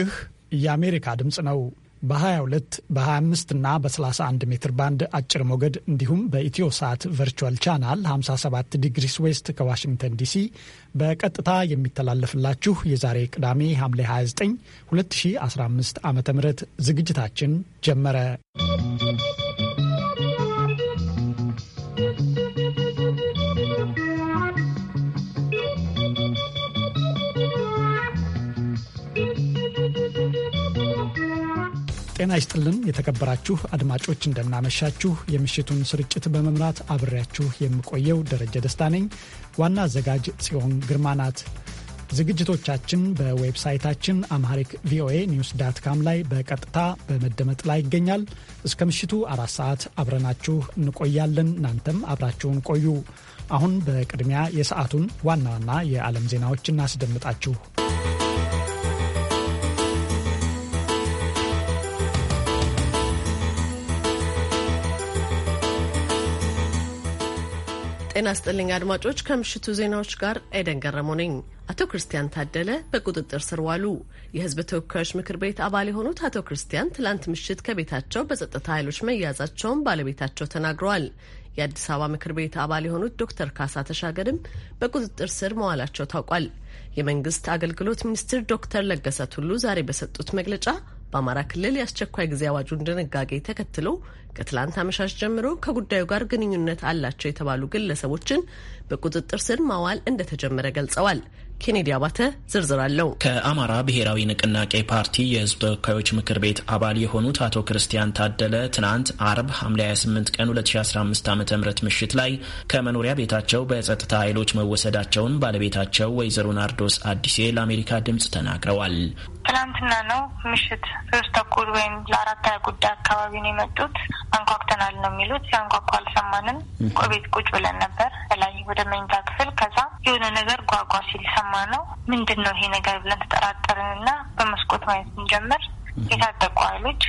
ይህ የአሜሪካ ድምፅ ነው። በ22 በ25 እና በ31 ሜትር ባንድ አጭር ሞገድ እንዲሁም በኢትዮ ሰዓት ቨርቹዋል ቻናል 57 ዲግሪስ ዌስት ከዋሽንግተን ዲሲ በቀጥታ የሚተላለፍላችሁ የዛሬ ቅዳሜ ሐምሌ 29 2015 ዓ ም ዝግጅታችን ጀመረ። ጤና ይስጥልን የተከበራችሁ አድማጮች እንደምናመሻችሁ። የምሽቱን ስርጭት በመምራት አብሬያችሁ የምቆየው ደረጀ ደስታ ነኝ። ዋና አዘጋጅ ጽዮን ግርማ ናት። ዝግጅቶቻችን በዌብሳይታችን አምሃሪክ ቪኦኤ ኒውስ ዳት ካም ላይ በቀጥታ በመደመጥ ላይ ይገኛል። እስከ ምሽቱ አራት ሰዓት አብረናችሁ እንቆያለን። እናንተም አብራችሁን ቆዩ። አሁን በቅድሚያ የሰዓቱን ዋና ዋና የዓለም ዜናዎች እናስደምጣችሁ። ጤና ስጥልኝ አድማጮች፣ ከምሽቱ ዜናዎች ጋር ኤደን ገረሙ ነኝ። አቶ ክርስቲያን ታደለ በቁጥጥር ስር ዋሉ። የህዝብ ተወካዮች ምክር ቤት አባል የሆኑት አቶ ክርስቲያን ትላንት ምሽት ከቤታቸው በጸጥታ ኃይሎች መያዛቸውን ባለቤታቸው ተናግረዋል። የአዲስ አበባ ምክር ቤት አባል የሆኑት ዶክተር ካሳ ተሻገርም በቁጥጥር ስር መዋላቸው ታውቋል። የመንግስት አገልግሎት ሚኒስትር ዶክተር ለገሰ ቱሉ ዛሬ በሰጡት መግለጫ በአማራ ክልል የአስቸኳይ ጊዜ አዋጁን ድንጋጌ ተከትሎ ከትላንት አመሻሽ ጀምሮ ከጉዳዩ ጋር ግንኙነት አላቸው የተባሉ ግለሰቦችን በቁጥጥር ስር ማዋል እንደተጀመረ ገልጸዋል። ኬኔዲ አባተ ዝርዝር አለው። ከአማራ ብሔራዊ ንቅናቄ ፓርቲ የህዝብ ተወካዮች ምክር ቤት አባል የሆኑት አቶ ክርስቲያን ታደለ ትናንት አርብ ሐምሌ 28 ቀን 2015 ዓ ም ምሽት ላይ ከመኖሪያ ቤታቸው በጸጥታ ኃይሎች መወሰዳቸውን ባለቤታቸው ወይዘሮ ናርዶስ አዲሴ ለአሜሪካ ድምፅ ተናግረዋል። ትናንትና ነው ምሽት ሶስት ተኩል ወይም ለአራት ሀያ ጉዳይ አካባቢ ነው የመጡት። አንኳኩተናል ነው የሚሉት። ሲያንኳኩ አልሰማንም። ቤት ቁጭ ብለን ነበር ላይ ወደ መኝታ ክፍል። ከዛ የሆነ ነገር ጓጓ ሲል ሰማ ነው። ምንድን ነው ይሄ ነገር ብለን ተጠራጠርን እና በመስኮት ማየት ስንጀምር የታጠቁ ኃይሎች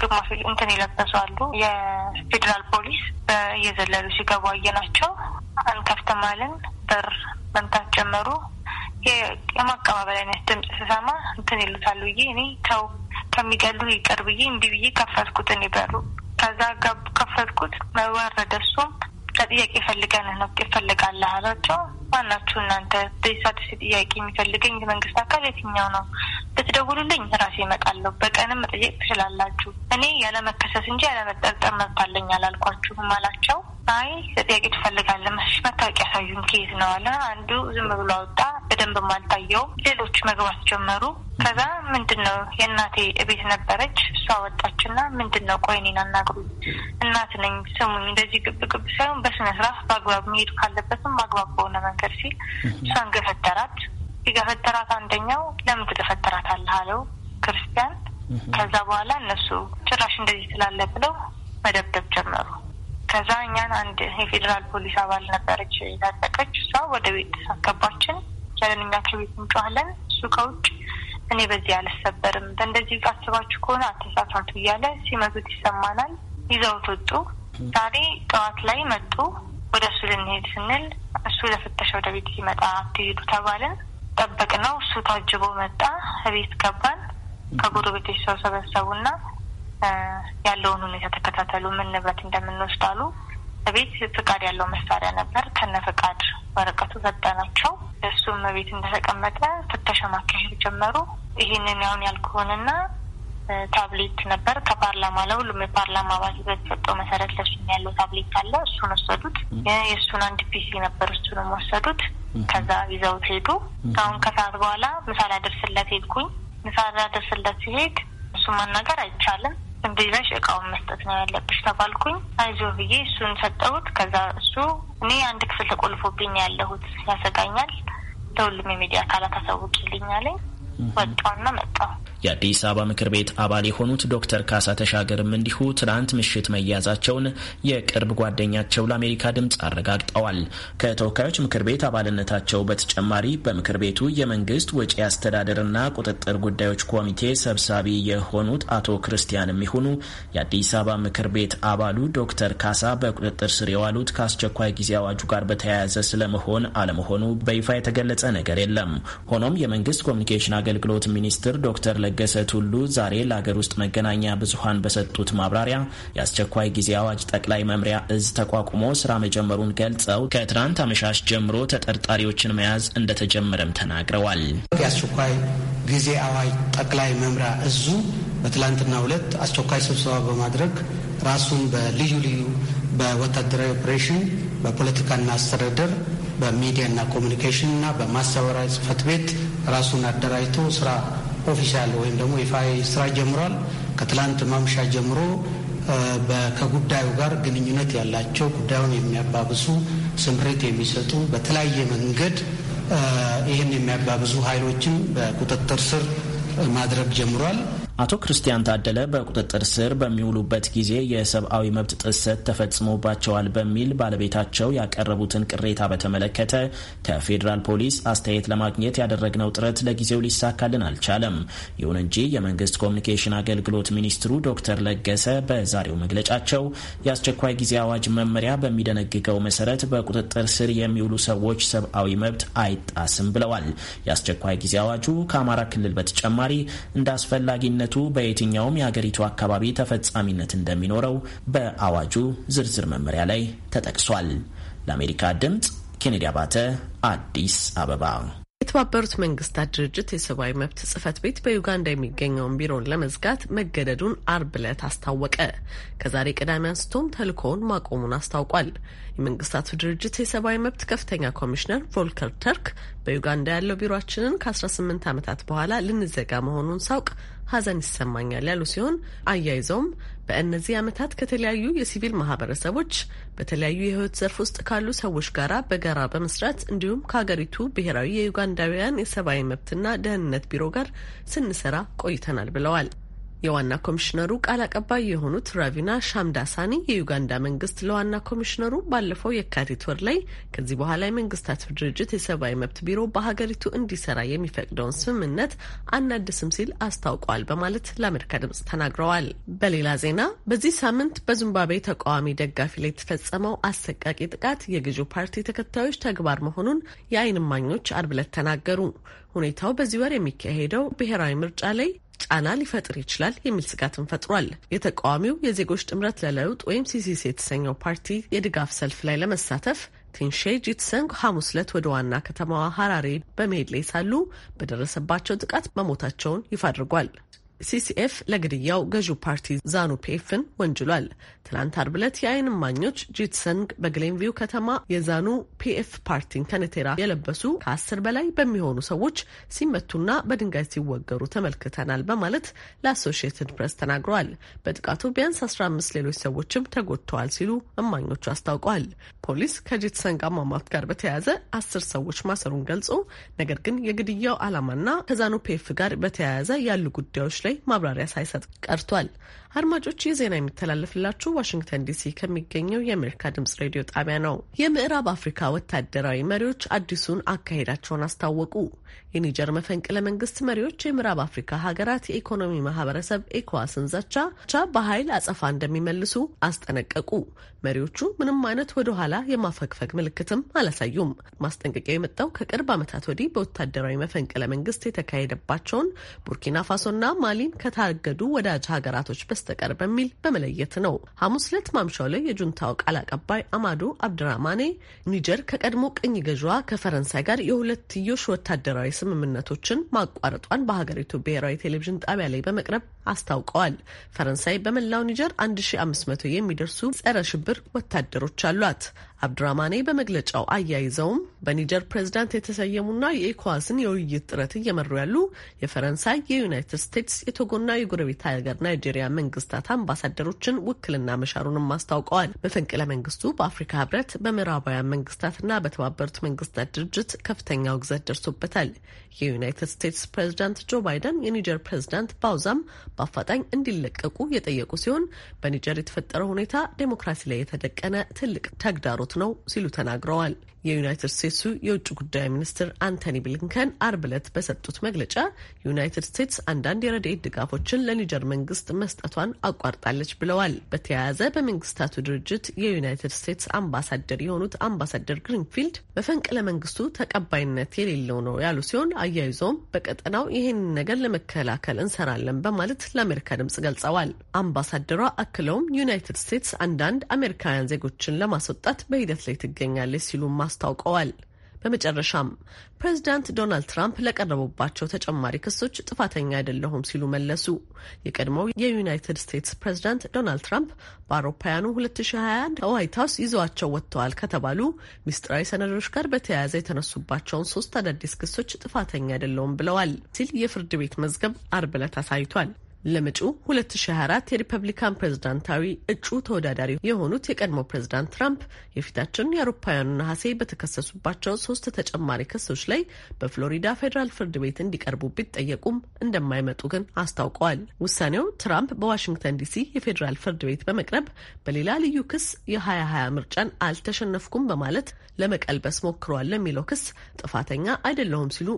ግማሽ እንትን የለበሱ አሉ። የፌዴራል ፖሊስ እየዘለሉ ሲገቡ አየናቸው። አንከፍትም አልን። በር መምታት ጀመሩ። የማቀባበል አይነት ድምጽ ስሰማ እንትን ይሉታሉ ብዬ እኔ ተው ከሚገሉ ይቅር ብዬ እንዲህ ብዬ ከፈትኩት። እኔ በሩ ከዛ ከፈትኩት መዋረደ እሱም ጥያቄ ፈልገንህ ነው ይፈልጋለህ አላቸው። ዋናችሁ እናንተ በሳትሲ ጥያቄ የሚፈልገኝ የመንግስት አካል የትኛው ነው? ብትደውሉልኝ ራሴ እመጣለሁ። በቀንም መጠየቅ ትችላላችሁ። እኔ ያለመከሰስ እንጂ ያለመጠርጠር መብት አለኝ አላልኳችሁም አላቸው። አይ ጥያቄ ትፈልጋለ መስሽ መታወቂያ ያሳዩን ከየት ነው አለ። አንዱ ዝም ብሎ አወጣ። በደንብ አልታየውም። ሌሎች መግባት ጀመሩ። ከዛ ምንድን ነው የእናቴ እቤት ነበረች። እሷ ወጣችና ምንድን ነው ቆይ እኔን እናት ነኝ ስሙኝ፣ እንደዚህ ግብ ግብ ሳይሆን ተነሽ መስራት በአግባብ መሄድ ካለበትም በአግባብ በሆነ መንገድ ሲል እሷን ገፈተራት። የገፈተራት አንደኛው ለምን ትገፈተራት አለ አለው ክርስቲያን። ከዛ በኋላ እነሱ ጭራሽ እንደዚህ ስላለ ብለው መደብደብ ጀመሩ። ከዛ እኛን አንድ የፌዴራል ፖሊስ አባል ነበረች የታጠቀች። እሷ ወደ ቤት አስገባችን። ያለን እኛ ከቤት እንጮኋለን፣ እሱ ከውጭ እኔ በዚህ አልሰበርም፣ በእንደዚህ አስባችሁ ከሆነ አተሳሳቱ እያለ ሲመቱት ይሰማናል። ይዘውት ወጡ። ዛሬ ጠዋት ላይ መጡ። ወደ እሱ ልንሄድ ስንል እሱ ለፍተሻ ወደ ቤት ሲመጣ ትሄዱ ተባልን። ጠበቅ ነው እሱ ታጅቦ መጣ። ቤት ገባን። ከጎረቤቶች ሰው ሰበሰቡና ያለውን ሁኔታ ተከታተሉ፣ ምን ንብረት እንደምንወስድ አሉ። ቤት ፍቃድ ያለው መሳሪያ ነበር። ከነ ፍቃድ ወረቀቱ ሰጠናቸው። እሱም ቤት እንደተቀመጠ ፍተሻ ማካሄድ ጀመሩ። ይህንን ያሁን ያልኩህንና ታብሌት ነበር ከፓርላማ ለሁሉም የፓርላማ አባል በተሰጠው መሰረት ለሱ ያለው ታብሌት አለ። እሱን ወሰዱት። የእሱን አንድ ፒሲ ነበር፣ እሱንም ወሰዱት። ከዛ ይዘውት ሄዱ። አሁን ከሰዓት በኋላ ምሳ ላደርስለት ሄድኩኝ። ምሳ ላደርስለት ሲሄድ እሱ ማናገር አይቻልም እንዲህ ይዘሽ እቃውን መስጠት ነው ያለብሽ ተባልኩኝ። አይዞ ብዬ እሱን ሰጠሁት። ከዛ እሱ እኔ አንድ ክፍል ተቆልፎብኝ ያለሁት ያሰጋኛል፣ ለሁሉም የሚዲያ አካላት አሳውቂልኝ አለኝ። ወጣውና መጣው የአዲስ አበባ ምክር ቤት አባል የሆኑት ዶክተር ካሳ ተሻገርም እንዲሁ ትናንት ምሽት መያዛቸውን የቅርብ ጓደኛቸው ለአሜሪካ ድምፅ አረጋግጠዋል። ከተወካዮች ምክር ቤት አባልነታቸው በተጨማሪ በምክር ቤቱ የመንግስት ወጪ አስተዳደርና ቁጥጥር ጉዳዮች ኮሚቴ ሰብሳቢ የሆኑት አቶ ክርስቲያን የሚሆኑ የአዲስ አበባ ምክር ቤት አባሉ ዶክተር ካሳ በቁጥጥር ስር የዋሉት ከአስቸኳይ ጊዜ አዋጁ ጋር በተያያዘ ስለመሆን አለመሆኑ በይፋ የተገለጸ ነገር የለም። ሆኖም የመንግስት ኮሚኒኬሽን አገልግሎት ሚኒስትር ዶክተር ለገሰት ሁሉ ዛሬ ለሀገር ውስጥ መገናኛ ብዙሀን በሰጡት ማብራሪያ የአስቸኳይ ጊዜ አዋጅ ጠቅላይ መምሪያ እዝ ተቋቁሞ ስራ መጀመሩን ገልጸው ከትናንት አመሻሽ ጀምሮ ተጠርጣሪዎችን መያዝ እንደተጀመረም ተናግረዋል። የአስቸኳይ ጊዜ አዋጅ ጠቅላይ መምሪያ እዙ በትላንትና ሁለት አስቸኳይ ስብሰባ በማድረግ ራሱን በልዩ ልዩ በወታደራዊ ኦፕሬሽን፣ በፖለቲካና አስተዳደር፣ በሚዲያና ኮሚኒኬሽን እና በማስተባበሪያ ጽህፈት ቤት ራሱን አደራጅቶ ስራ ኦፊሻል ወይም ደግሞ ይፋ ስራ ጀምሯል። ከትላንት ማምሻ ጀምሮ ከጉዳዩ ጋር ግንኙነት ያላቸው ጉዳዩን የሚያባብሱ ስምሬት የሚሰጡ በተለያየ መንገድ ይህን የሚያባብዙ ኃይሎችን በቁጥጥር ስር ማድረግ ጀምሯል። አቶ ክርስቲያን ታደለ በቁጥጥር ስር በሚውሉበት ጊዜ የሰብአዊ መብት ጥሰት ተፈጽሞባቸዋል በሚል ባለቤታቸው ያቀረቡትን ቅሬታ በተመለከተ ከፌዴራል ፖሊስ አስተያየት ለማግኘት ያደረግነው ጥረት ለጊዜው ሊሳካልን አልቻለም። ይሁን እንጂ የመንግስት ኮሚኒኬሽን አገልግሎት ሚኒስትሩ ዶክተር ለገሰ በዛሬው መግለጫቸው የአስቸኳይ ጊዜ አዋጅ መመሪያ በሚደነግገው መሰረት በቁጥጥር ስር የሚውሉ ሰዎች ሰብአዊ መብት አይጣስም ብለዋል። የአስቸኳይ ጊዜ አዋጁ ከአማራ ክልል በተጨማሪ እንደ አስፈላጊነት ስምምነቱ በየትኛውም የሀገሪቱ አካባቢ ተፈጻሚነት እንደሚኖረው በአዋጁ ዝርዝር መመሪያ ላይ ተጠቅሷል። ለአሜሪካ ድምጽ ኬኔዲ አባተ አዲስ አበባ። የተባበሩት መንግስታት ድርጅት የሰብአዊ መብት ጽህፈት ቤት በዩጋንዳ የሚገኘውን ቢሮን ለመዝጋት መገደዱን አርብ ዕለት አስታወቀ። ከዛሬ ቅዳሜ አንስቶም ተልእኮውን ማቆሙን አስታውቋል። የመንግስታቱ ድርጅት የሰብአዊ መብት ከፍተኛ ኮሚሽነር ቮልከር ተርክ በዩጋንዳ ያለው ቢሮችንን ከ18 ዓመታት በኋላ ልንዘጋ መሆኑን ሳውቅ ሀዘን ይሰማኛል ያሉ ሲሆን አያይዘውም በእነዚህ ዓመታት ከተለያዩ የሲቪል ማህበረሰቦች በተለያዩ የህይወት ዘርፍ ውስጥ ካሉ ሰዎች ጋር በጋራ በመስራት እንዲሁም ከሀገሪቱ ብሔራዊ የዩጋንዳውያን የሰብአዊ መብትና ደህንነት ቢሮ ጋር ስንሰራ ቆይተናል ብለዋል። የዋና ኮሚሽነሩ ቃል አቀባይ የሆኑት ራቪና ሻምዳሳኒ የዩጋንዳ መንግስት ለዋና ኮሚሽነሩ ባለፈው የካቲት ወር ላይ ከዚህ በኋላ የመንግስታቱ ድርጅት የሰብአዊ መብት ቢሮ በሀገሪቱ እንዲሰራ የሚፈቅደውን ስምምነት አናድስም ሲል አስታውቋል በማለት ለአሜሪካ ድምጽ ተናግረዋል። በሌላ ዜና በዚህ ሳምንት በዚምባብዌ ተቃዋሚ ደጋፊ ላይ የተፈጸመው አሰቃቂ ጥቃት የገዢው ፓርቲ ተከታዮች ተግባር መሆኑን የአይን እማኞች አርብ ዕለት ተናገሩ። ሁኔታው በዚህ ወር የሚካሄደው ብሔራዊ ምርጫ ላይ ጫና ሊፈጥር ይችላል የሚል ስጋትን ፈጥሯል። የተቃዋሚው የዜጎች ጥምረት ለለውጥ ወይም ሲሲሲ የተሰኘው ፓርቲ የድጋፍ ሰልፍ ላይ ለመሳተፍ ቲንሼ ጂትሰንግ ሐሙስ ዕለት ወደ ዋና ከተማዋ ሐራሬ በመሄድ ላይ ሳሉ በደረሰባቸው ጥቃት መሞታቸውን ይፋ አድርጓል። ሲሲኤፍ ለግድያው ገዢው ፓርቲ ዛኑ ፒኤፍን ወንጅሏል። ትናንት አርብ ዕለት የአይን እማኞች ጂትሰንግ በግሌንቪው ከተማ የዛኑ ፒኤፍ ፓርቲን ከነቴራ የለበሱ ከአስር በላይ በሚሆኑ ሰዎች ሲመቱና በድንጋይ ሲወገሩ ተመልክተናል በማለት ለአሶሺየትድ ፕሬስ ተናግረዋል። በጥቃቱ ቢያንስ 15 ሌሎች ሰዎችም ተጎድተዋል ሲሉ እማኞቹ አስታውቀዋል። ፖሊስ ከጂትሰንግ አሟሟት ጋር በተያያዘ አስር ሰዎች ማሰሩን ገልጾ ነገር ግን የግድያው ዓላማና ከዛኑ ፒኤፍ ጋር በተያያዘ ያሉ ጉዳዮች ላይ ጉዳይ ማብራሪያ ሳይሰጥ ቀርቷል። አድማጮች ይህ ዜና የሚተላለፍላችሁ ዋሽንግተን ዲሲ ከሚገኘው የአሜሪካ ድምጽ ሬዲዮ ጣቢያ ነው። የምዕራብ አፍሪካ ወታደራዊ መሪዎች አዲሱን አካሄዳቸውን አስታወቁ። የኒጀር መፈንቅለ መንግስት መሪዎች የምዕራብ አፍሪካ ሀገራት የኢኮኖሚ ማህበረሰብ ኤኳዋስን ዘቻ ቻ በኃይል አጸፋ እንደሚመልሱ አስጠነቀቁ። መሪዎቹ ምንም አይነት ወደኋላ የማፈግፈግ ምልክትም አላሳዩም። ማስጠንቀቂያ የመጣው ከቅርብ ዓመታት ወዲህ በወታደራዊ መፈንቅለ መንግስት የተካሄደባቸውን ቡርኪና ፋሶና ማሊን ከታገዱ ወዳጅ ሀገራቶች በ በስተቀር በሚል በመለየት ነው። ሐሙስ ዕለት ማምሻው ላይ የጁንታው ቃል አቀባይ አማዶ አብድራማኔ ኒጀር ከቀድሞ ቅኝ ገዥዋ ከፈረንሳይ ጋር የሁለትዮሽ ወታደራዊ ስምምነቶችን ማቋረጧን በሀገሪቱ ብሔራዊ ቴሌቪዥን ጣቢያ ላይ በመቅረብ አስታውቀዋል። ፈረንሳይ በመላው ኒጀር 1500 የሚደርሱ ጸረ ሽብር ወታደሮች አሏት። አብድራማኔ በመግለጫው አያይዘውም በኒጀር ፕሬዝዳንት የተሰየሙና የኢኮዋስን የውይይት ጥረት እየመሩ ያሉ የፈረንሳይ፣ የዩናይትድ ስቴትስ፣ የቶጎና የጎረቤት ሀገር ናይጄሪያ መንግስታት አምባሳደሮችን ውክልና መሻሩንም አስታውቀዋል። መፈንቅለ መንግስቱ በአፍሪካ ህብረት በምዕራባውያን መንግስታትና በተባበሩት መንግስታት ድርጅት ከፍተኛ ውግዘት ደርሶበታል። የዩናይትድ ስቴትስ ፕሬዝዳንት ጆ ባይደን የኒጀር ፕሬዝዳንት ባውዛም በአፋጣኝ እንዲለቀቁ የጠየቁ ሲሆን በኒጀር የተፈጠረው ሁኔታ ዴሞክራሲ ላይ የተደቀነ ትልቅ ተግዳሮት ነው ሲሉ ተናግረዋል። የዩናይትድ ስቴትሱ የውጭ ጉዳይ ሚኒስትር አንቶኒ ብሊንከን አርብ ዕለት በሰጡት መግለጫ ዩናይትድ ስቴትስ አንዳንድ የረድኤት ድጋፎችን ለኒጀር መንግስት መስጠቷን አቋርጣለች ብለዋል። በተያያዘ በመንግስታቱ ድርጅት የዩናይትድ ስቴትስ አምባሳደር የሆኑት አምባሳደር ግሪንፊልድ በፈንቅለ መንግስቱ ተቀባይነት የሌለው ነው ያሉ ሲሆን አያይዞም በቀጠናው ይህንን ነገር ለመከላከል እንሰራለን በማለት ለአሜሪካ ድምጽ ገልጸዋል። አምባሳደሯ አክለውም ዩናይትድ ስቴትስ አንዳንድ አሜሪካውያን ዜጎችን ለማስወጣት በሂደት ላይ ትገኛለች ሲሉ አስታውቀዋል። በመጨረሻም ፕሬዚዳንት ዶናልድ ትራምፕ ለቀረቡባቸው ተጨማሪ ክሶች ጥፋተኛ አይደለሁም ሲሉ መለሱ። የቀድሞው የዩናይትድ ስቴትስ ፕሬዚዳንት ዶናልድ ትራምፕ በአውሮፓውያኑ 2021 ዋይት ሀውስ ይዘዋቸው ወጥተዋል ከተባሉ ሚስጥራዊ ሰነዶች ጋር በተያያዘ የተነሱባቸውን ሶስት አዳዲስ ክሶች ጥፋተኛ አይደለሁም ብለዋል ሲል የፍርድ ቤት መዝገብ አርብ ዕለት አሳይቷል። ለመጪው 2024 የሪፐብሊካን ፕሬዝዳንታዊ እጩ ተወዳዳሪ የሆኑት የቀድሞ ፕሬዝዳንት ትራምፕ የፊታችን የአውሮፓውያኑ ነሐሴ በተከሰሱባቸው ሶስት ተጨማሪ ክሶች ላይ በፍሎሪዳ ፌዴራል ፍርድ ቤት እንዲቀርቡ ቢጠየቁም እንደማይመጡ ግን አስታውቀዋል። ውሳኔው ትራምፕ በዋሽንግተን ዲሲ የፌዴራል ፍርድ ቤት በመቅረብ በሌላ ልዩ ክስ የ2020 ምርጫን አልተሸነፍኩም በማለት ለመቀልበስ ሞክረዋል ለሚለው ክስ ጥፋተኛ አይደለሁም ሲሉ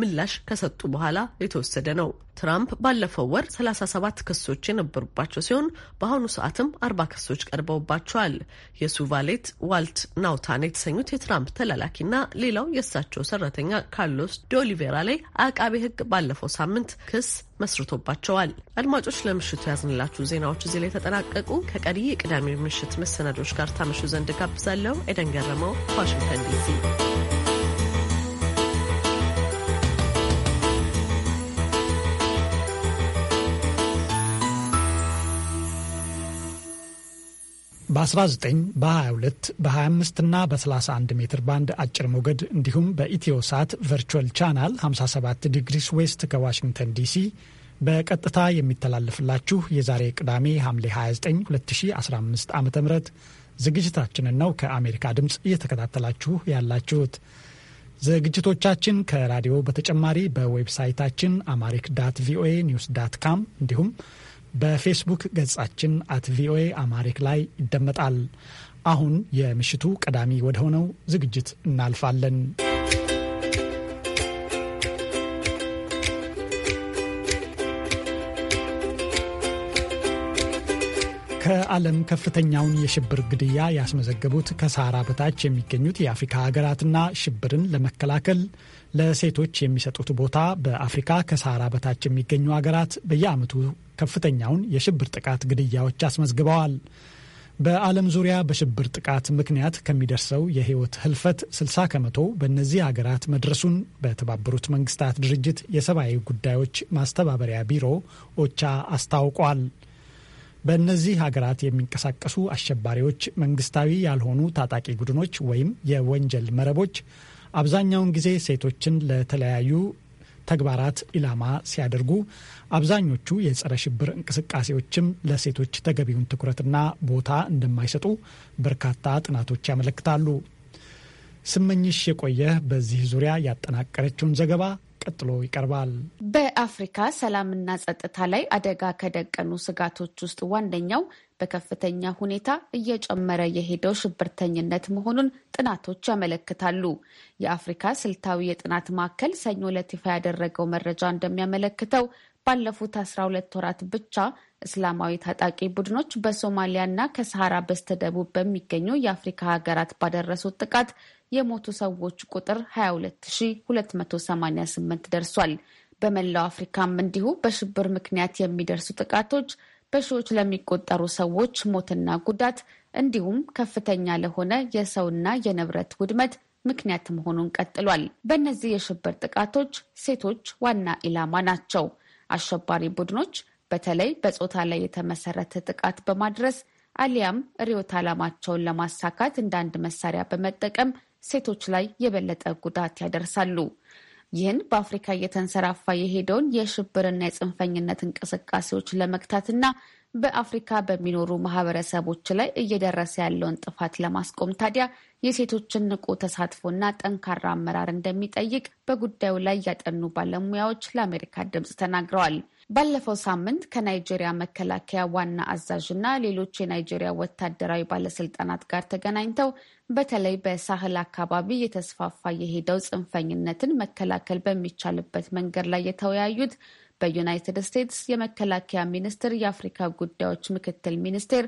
ምላሽ ከሰጡ በኋላ የተወሰደ ነው። ትራምፕ ባለፈው ወር 37 ክሶች የነበሩባቸው ሲሆን በአሁኑ ሰዓትም 40 ክሶች ቀርበውባቸዋል። የሱቫሌት ዋልት ናውታን የተሰኙት የትራምፕ ተላላኪና ሌላው የእሳቸው ሰራተኛ ካርሎስ ዶሊቬራ ላይ አቃቤ ሕግ ባለፈው ሳምንት ክስ መስርቶባቸዋል። አድማጮች ለምሽቱ ያዝንላችሁ ዜናዎች እዚህ ላይ ተጠናቀቁ። ከቀሪ የቅዳሜ ምሽት መሰናዶች ጋር ታመሹ ዘንድ ጋብዛለሁ። ኤደን ገረመው ከዋሽንግተን ዲሲ በ19 በ22 በ25 እና በ31 ሜትር ባንድ አጭር ሞገድ እንዲሁም በኢትዮ ሳት ቨርቹዋል ቻናል 57 ዲግሪስ ዌስት ከዋሽንግተን ዲሲ በቀጥታ የሚተላለፍላችሁ የዛሬ ቅዳሜ ሐምሌ 29 2015 ዓ ም ዝግጅታችንን ነው ከአሜሪካ ድምፅ እየተከታተላችሁ ያላችሁት። ዝግጅቶቻችን ከራዲዮ በተጨማሪ በዌብሳይታችን አማሪክ ዳት ቪኦኤ ኒውስ ዳት ካም እንዲሁም በፌስቡክ ገጻችን አት ቪኦኤ አማሪክ ላይ ይደመጣል። አሁን የምሽቱ ቀዳሚ ወደሆነው ዝግጅት እናልፋለን። ከዓለም ከፍተኛውን የሽብር ግድያ ያስመዘገቡት ከሳህራ በታች የሚገኙት የአፍሪካ ሀገራትና ሽብርን ለመከላከል ለሴቶች የሚሰጡት ቦታ በአፍሪካ ከሳህራ በታች የሚገኙ ሀገራት በየዓመቱ ከፍተኛውን የሽብር ጥቃት ግድያዎች አስመዝግበዋል። በዓለም ዙሪያ በሽብር ጥቃት ምክንያት ከሚደርሰው የሕይወት ህልፈት 60 ከመቶ በእነዚህ ሀገራት መድረሱን በተባበሩት መንግስታት ድርጅት የሰብአዊ ጉዳዮች ማስተባበሪያ ቢሮ ኦቻ አስታውቋል። በእነዚህ ሀገራት የሚንቀሳቀሱ አሸባሪዎች መንግስታዊ ያልሆኑ ታጣቂ ቡድኖች ወይም የወንጀል መረቦች አብዛኛውን ጊዜ ሴቶችን ለተለያዩ ተግባራት ኢላማ ሲያደርጉ፣ አብዛኞቹ የጸረ ሽብር እንቅስቃሴዎችም ለሴቶች ተገቢውን ትኩረትና ቦታ እንደማይሰጡ በርካታ ጥናቶች ያመለክታሉ። ስመኝሽ የቆየ በዚህ ዙሪያ ያጠናቀረችውን ዘገባ ቀጥሎ ይቀርባል። በአፍሪካ ሰላምና ጸጥታ ላይ አደጋ ከደቀኑ ስጋቶች ውስጥ ዋነኛው በከፍተኛ ሁኔታ እየጨመረ የሄደው ሽብርተኝነት መሆኑን ጥናቶች ያመለክታሉ። የአፍሪካ ስልታዊ የጥናት ማዕከል ሰኞ ዕለት ይፋ ያደረገው መረጃ እንደሚያመለክተው ባለፉት 12 ወራት ብቻ እስላማዊ ታጣቂ ቡድኖች በሶማሊያና ከሰሃራ በስተደቡብ በሚገኙ የአፍሪካ ሀገራት ባደረሱት ጥቃት የሞቱ ሰዎች ቁጥር 22288 ደርሷል። በመላው አፍሪካም እንዲሁ በሽብር ምክንያት የሚደርሱ ጥቃቶች በሺዎች ለሚቆጠሩ ሰዎች ሞትና ጉዳት እንዲሁም ከፍተኛ ለሆነ የሰውና የንብረት ውድመት ምክንያት መሆኑን ቀጥሏል። በእነዚህ የሽብር ጥቃቶች ሴቶች ዋና ኢላማ ናቸው። አሸባሪ ቡድኖች በተለይ በጾታ ላይ የተመሰረተ ጥቃት በማድረስ አሊያም ርዕዮተ ዓላማቸውን ለማሳካት እንደ አንድ መሳሪያ በመጠቀም ሴቶች ላይ የበለጠ ጉዳት ያደርሳሉ። ይህን በአፍሪካ እየተንሰራፋ የሄደውን የሽብርና የጽንፈኝነት እንቅስቃሴዎች ለመግታትና በአፍሪካ በሚኖሩ ማህበረሰቦች ላይ እየደረሰ ያለውን ጥፋት ለማስቆም ታዲያ የሴቶችን ንቁ ተሳትፎና ጠንካራ አመራር እንደሚጠይቅ በጉዳዩ ላይ ያጠኑ ባለሙያዎች ለአሜሪካ ድምፅ ተናግረዋል። ባለፈው ሳምንት ከናይጄሪያ መከላከያ ዋና አዛዥ እና ሌሎች የናይጄሪያ ወታደራዊ ባለስልጣናት ጋር ተገናኝተው በተለይ በሳህል አካባቢ የተስፋፋ የሄደው ጽንፈኝነትን መከላከል በሚቻልበት መንገድ ላይ የተወያዩት በዩናይትድ ስቴትስ የመከላከያ ሚኒስቴር የአፍሪካ ጉዳዮች ምክትል ሚኒስቴር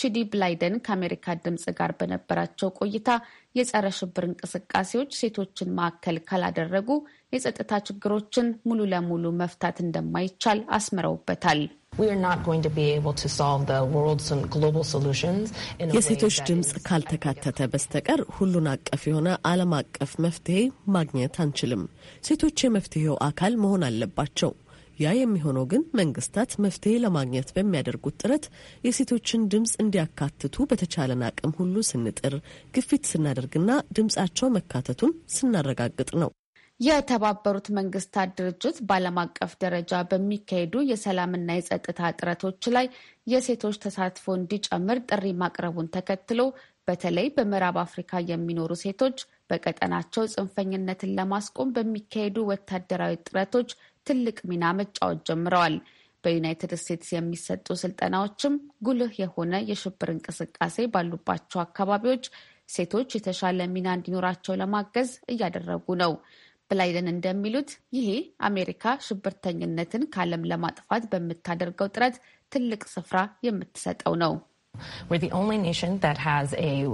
ቺዲ ብላይደን ከአሜሪካ ድምፅ ጋር በነበራቸው ቆይታ የጸረ ሽብር እንቅስቃሴዎች ሴቶችን ማዕከል ካላደረጉ የጸጥታ ችግሮችን ሙሉ ለሙሉ መፍታት እንደማይቻል አስምረውበታል። የሴቶች ድምፅ ካልተካተተ በስተቀር ሁሉን አቀፍ የሆነ ዓለም አቀፍ መፍትሄ ማግኘት አንችልም። ሴቶች የመፍትሄው አካል መሆን አለባቸው። ያ የሚሆነው ግን መንግስታት መፍትሄ ለማግኘት በሚያደርጉት ጥረት የሴቶችን ድምፅ እንዲያካትቱ በተቻለን አቅም ሁሉ ስንጥር፣ ግፊት ስናደርግና ድምፃቸው መካተቱን ስናረጋግጥ ነው። የተባበሩት መንግስታት ድርጅት በዓለም አቀፍ ደረጃ በሚካሄዱ የሰላምና የጸጥታ ጥረቶች ላይ የሴቶች ተሳትፎ እንዲጨምር ጥሪ ማቅረቡን ተከትሎ በተለይ በምዕራብ አፍሪካ የሚኖሩ ሴቶች በቀጠናቸው ጽንፈኝነትን ለማስቆም በሚካሄዱ ወታደራዊ ጥረቶች ትልቅ ሚና መጫወት ጀምረዋል። በዩናይትድ ስቴትስ የሚሰጡ ስልጠናዎችም ጉልህ የሆነ የሽብር እንቅስቃሴ ባሉባቸው አካባቢዎች ሴቶች የተሻለ ሚና እንዲኖራቸው ለማገዝ እያደረጉ ነው። ብላይደን እንደሚሉት ይሄ አሜሪካ ሽብርተኝነትን ከዓለም ለማጥፋት በምታደርገው ጥረት ትልቅ ስፍራ የምትሰጠው ነው። We're the only nation that has a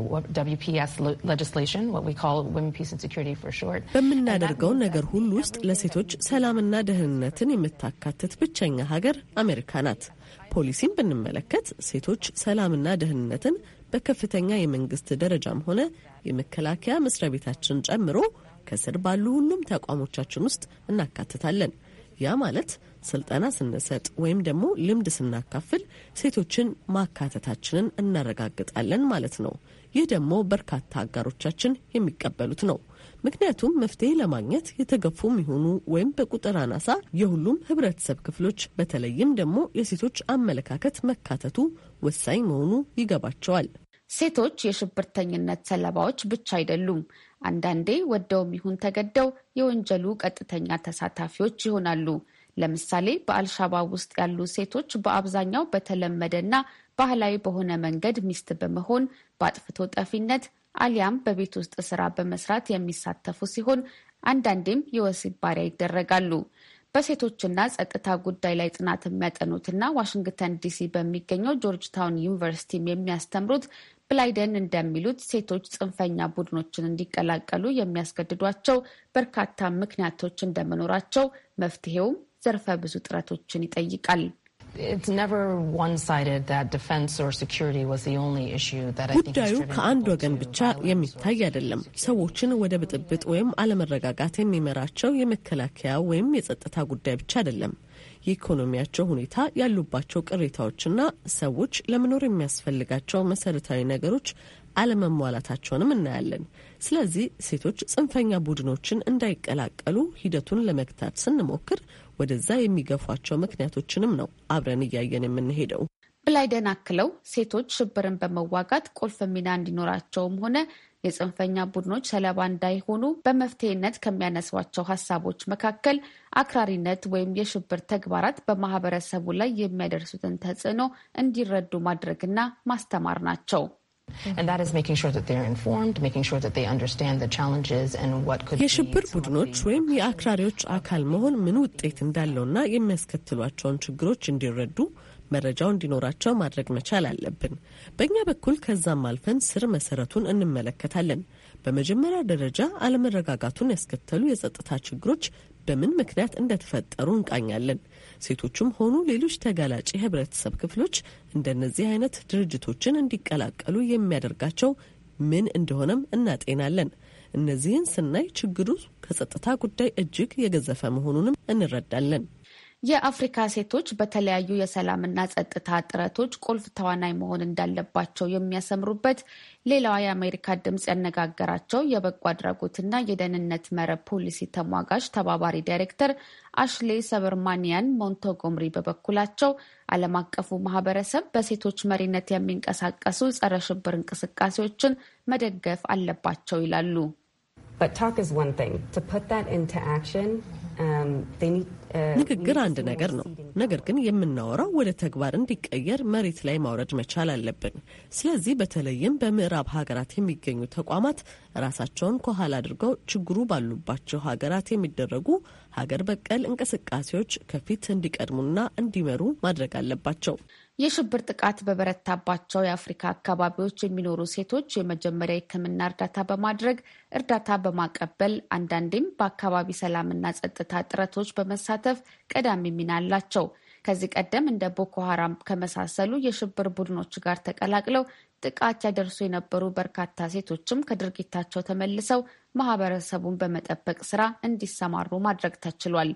WPS legislation, what we call Women, Peace and Security for short. በምናደርገው ነገር ሁሉ ውስጥ ለሴቶች ሰላምና ደህንነትን የምታካትት ብቸኛ ሀገር አሜሪካ ናት። ፖሊሲን ብንመለከት ሴቶች ሰላምና ደህንነትን በከፍተኛ የመንግስት ደረጃም ሆነ የመከላከያ መስሪያ ቤታችን ጨምሮ ከስር ባሉ ሁሉም ተቋሞቻችን ውስጥ እናካትታለን። ያ ማለት ስልጠና ስንሰጥ ወይም ደግሞ ልምድ ስናካፍል ሴቶችን ማካተታችንን እናረጋግጣለን ማለት ነው። ይህ ደግሞ በርካታ አጋሮቻችን የሚቀበሉት ነው። ምክንያቱም መፍትሄ ለማግኘት የተገፉ ይሆኑ ወይም በቁጥር አናሳ የሁሉም ህብረተሰብ ክፍሎች በተለይም ደግሞ የሴቶች አመለካከት መካተቱ ወሳኝ መሆኑ ይገባቸዋል። ሴቶች የሽብርተኝነት ሰለባዎች ብቻ አይደሉም። አንዳንዴ ወደውም ይሁን ተገደው የወንጀሉ ቀጥተኛ ተሳታፊዎች ይሆናሉ። ለምሳሌ በአልሻባብ ውስጥ ያሉ ሴቶች በአብዛኛው በተለመደና ባህላዊ በሆነ መንገድ ሚስት በመሆን በአጥፍቶ ጠፊነት አሊያም በቤት ውስጥ ስራ በመስራት የሚሳተፉ ሲሆን አንዳንዴም የወሲብ ባሪያ ይደረጋሉ። በሴቶችና ጸጥታ ጉዳይ ላይ ጥናት የሚያጠኑትና ዋሽንግተን ዲሲ በሚገኘው ጆርጅ ታውን ዩኒቨርሲቲም የሚያስተምሩት ብላይደን እንደሚሉት ሴቶች ጽንፈኛ ቡድኖችን እንዲቀላቀሉ የሚያስገድዷቸው በርካታ ምክንያቶች እንደመኖራቸው መፍትሄውም ዘርፈ ብዙ ጥረቶችን ይጠይቃል። ጉዳዩ ከአንድ ወገን ብቻ የሚታይ አይደለም። ሰዎችን ወደ ብጥብጥ ወይም አለመረጋጋት የሚመራቸው የመከላከያ ወይም የጸጥታ ጉዳይ ብቻ አይደለም። የኢኮኖሚያቸው ሁኔታ፣ ያሉባቸው ቅሬታዎችና ሰዎች ለመኖር የሚያስፈልጋቸው መሰረታዊ ነገሮች አለመሟላታቸውንም እናያለን። ስለዚህ ሴቶች ጽንፈኛ ቡድኖችን እንዳይቀላቀሉ ሂደቱን ለመግታት ስንሞክር ወደዛ የሚገፏቸው ምክንያቶችንም ነው አብረን እያየን የምንሄደው። ብላይደን አክለው ሴቶች ሽብርን በመዋጋት ቁልፍ ሚና እንዲኖራቸውም ሆነ የጽንፈኛ ቡድኖች ሰለባ እንዳይሆኑ በመፍትሄነት ከሚያነሷቸው ሀሳቦች መካከል አክራሪነት ወይም የሽብር ተግባራት በማህበረሰቡ ላይ የሚያደርሱትን ተጽዕኖ እንዲረዱ ማድረግና ማስተማር ናቸው። የሽብር ቡድኖች ወይም የአክራሪዎች አካል መሆን ምን ውጤት እንዳለውና የሚያስከትሏቸውን ችግሮች እንዲረዱ መረጃው እንዲኖራቸው ማድረግ መቻል አለብን። በእኛ በኩል ከዛም አልፈን ስር መሰረቱን እንመለከታለን። በመጀመሪያ ደረጃ አለመረጋጋቱን ያስከተሉ የጸጥታ ችግሮች በምን ምክንያት እንደተፈጠሩ እንቃኛለን። ሴቶቹም ሆኑ ሌሎች ተጋላጭ የህብረተሰብ ክፍሎች እንደነዚህ አይነት ድርጅቶችን እንዲቀላቀሉ የሚያደርጋቸው ምን እንደሆነም እናጤናለን። እነዚህን ስናይ ችግሩ ከጸጥታ ጉዳይ እጅግ የገዘፈ መሆኑንም እንረዳለን። የአፍሪካ ሴቶች በተለያዩ የሰላምና ጸጥታ ጥረቶች ቁልፍ ተዋናይ መሆን እንዳለባቸው የሚያሰምሩበት ሌላዋ የአሜሪካ ድምፅ ያነጋገራቸው የበጎ አድራጎትና የደህንነት መረብ ፖሊሲ ተሟጋች ተባባሪ ዳይሬክተር አሽሌ ሰበርማኒያን ሞንቶጎምሪ በበኩላቸው ዓለም አቀፉ ማህበረሰብ በሴቶች መሪነት የሚንቀሳቀሱ ጸረ ሽብር እንቅስቃሴዎችን መደገፍ አለባቸው ይላሉ። ንግግር um, uh, አንድ ነገር ነው። ነገር ግን የምናወራው ወደ ተግባር እንዲቀየር መሬት ላይ ማውረድ መቻል አለብን። ስለዚህ በተለይም በምዕራብ ሀገራት የሚገኙ ተቋማት ራሳቸውን ከኋላ አድርገው ችግሩ ባሉባቸው ሀገራት የሚደረጉ ሀገር በቀል እንቅስቃሴዎች ከፊት እንዲቀድሙና እንዲመሩ ማድረግ አለባቸው። የሽብር ጥቃት በበረታባቸው የአፍሪካ አካባቢዎች የሚኖሩ ሴቶች የመጀመሪያ የሕክምና እርዳታ በማድረግ እርዳታ በማቀበል አንዳንዴም በአካባቢ ሰላምና ጸጥታ ጥረቶች በመሳተፍ ቀዳሚ ሚና አላቸው። ከዚህ ቀደም እንደ ቦኮ ሀራም ከመሳሰሉ የሽብር ቡድኖች ጋር ተቀላቅለው ጥቃት ያደርሱ የነበሩ በርካታ ሴቶችም ከድርጊታቸው ተመልሰው ማህበረሰቡን በመጠበቅ ስራ እንዲሰማሩ ማድረግ ተችሏል።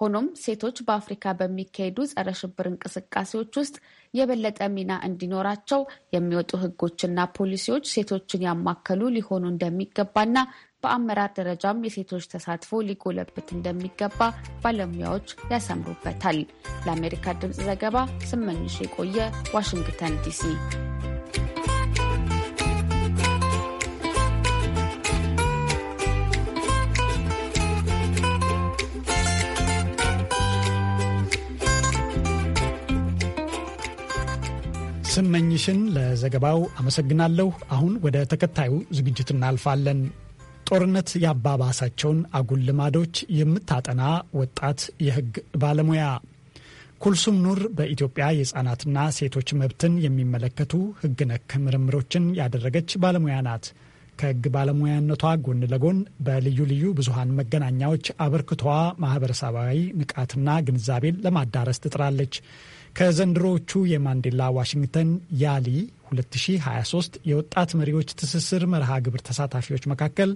ሆኖም ሴቶች በአፍሪካ በሚካሄዱ ጸረ ሽብር እንቅስቃሴዎች ውስጥ የበለጠ ሚና እንዲኖራቸው የሚወጡ ህጎችና ፖሊሲዎች ሴቶችን ያማከሉ ሊሆኑ እንደሚገባና በአመራር ደረጃም የሴቶች ተሳትፎ ሊጎለብት እንደሚገባ ባለሙያዎች ያሰምሩበታል። ለአሜሪካ ድምፅ ዘገባ ስመኝሽ የቆየ ዋሽንግተን ዲሲ ስመኝሽን ለዘገባው አመሰግናለሁ። አሁን ወደ ተከታዩ ዝግጅት እናልፋለን። ጦርነት ያባባሳቸውን አጉል ልማዶች የምታጠና ወጣት የሕግ ባለሙያ ኩልሱም ኑር በኢትዮጵያ የሕፃናትና ሴቶች መብትን የሚመለከቱ ሕግ ነክ ምርምሮችን ያደረገች ባለሙያ ናት። ከሕግ ባለሙያነቷ ጎን ለጎን በልዩ ልዩ ብዙሃን መገናኛዎች አበርክቷ ማህበረሰባዊ ንቃትና ግንዛቤን ለማዳረስ ትጥራለች። ከዘንድሮዎቹ የማንዴላ ዋሽንግተን ያሊ 2023 የወጣት መሪዎች ትስስር መርሃ ግብር ተሳታፊዎች መካከል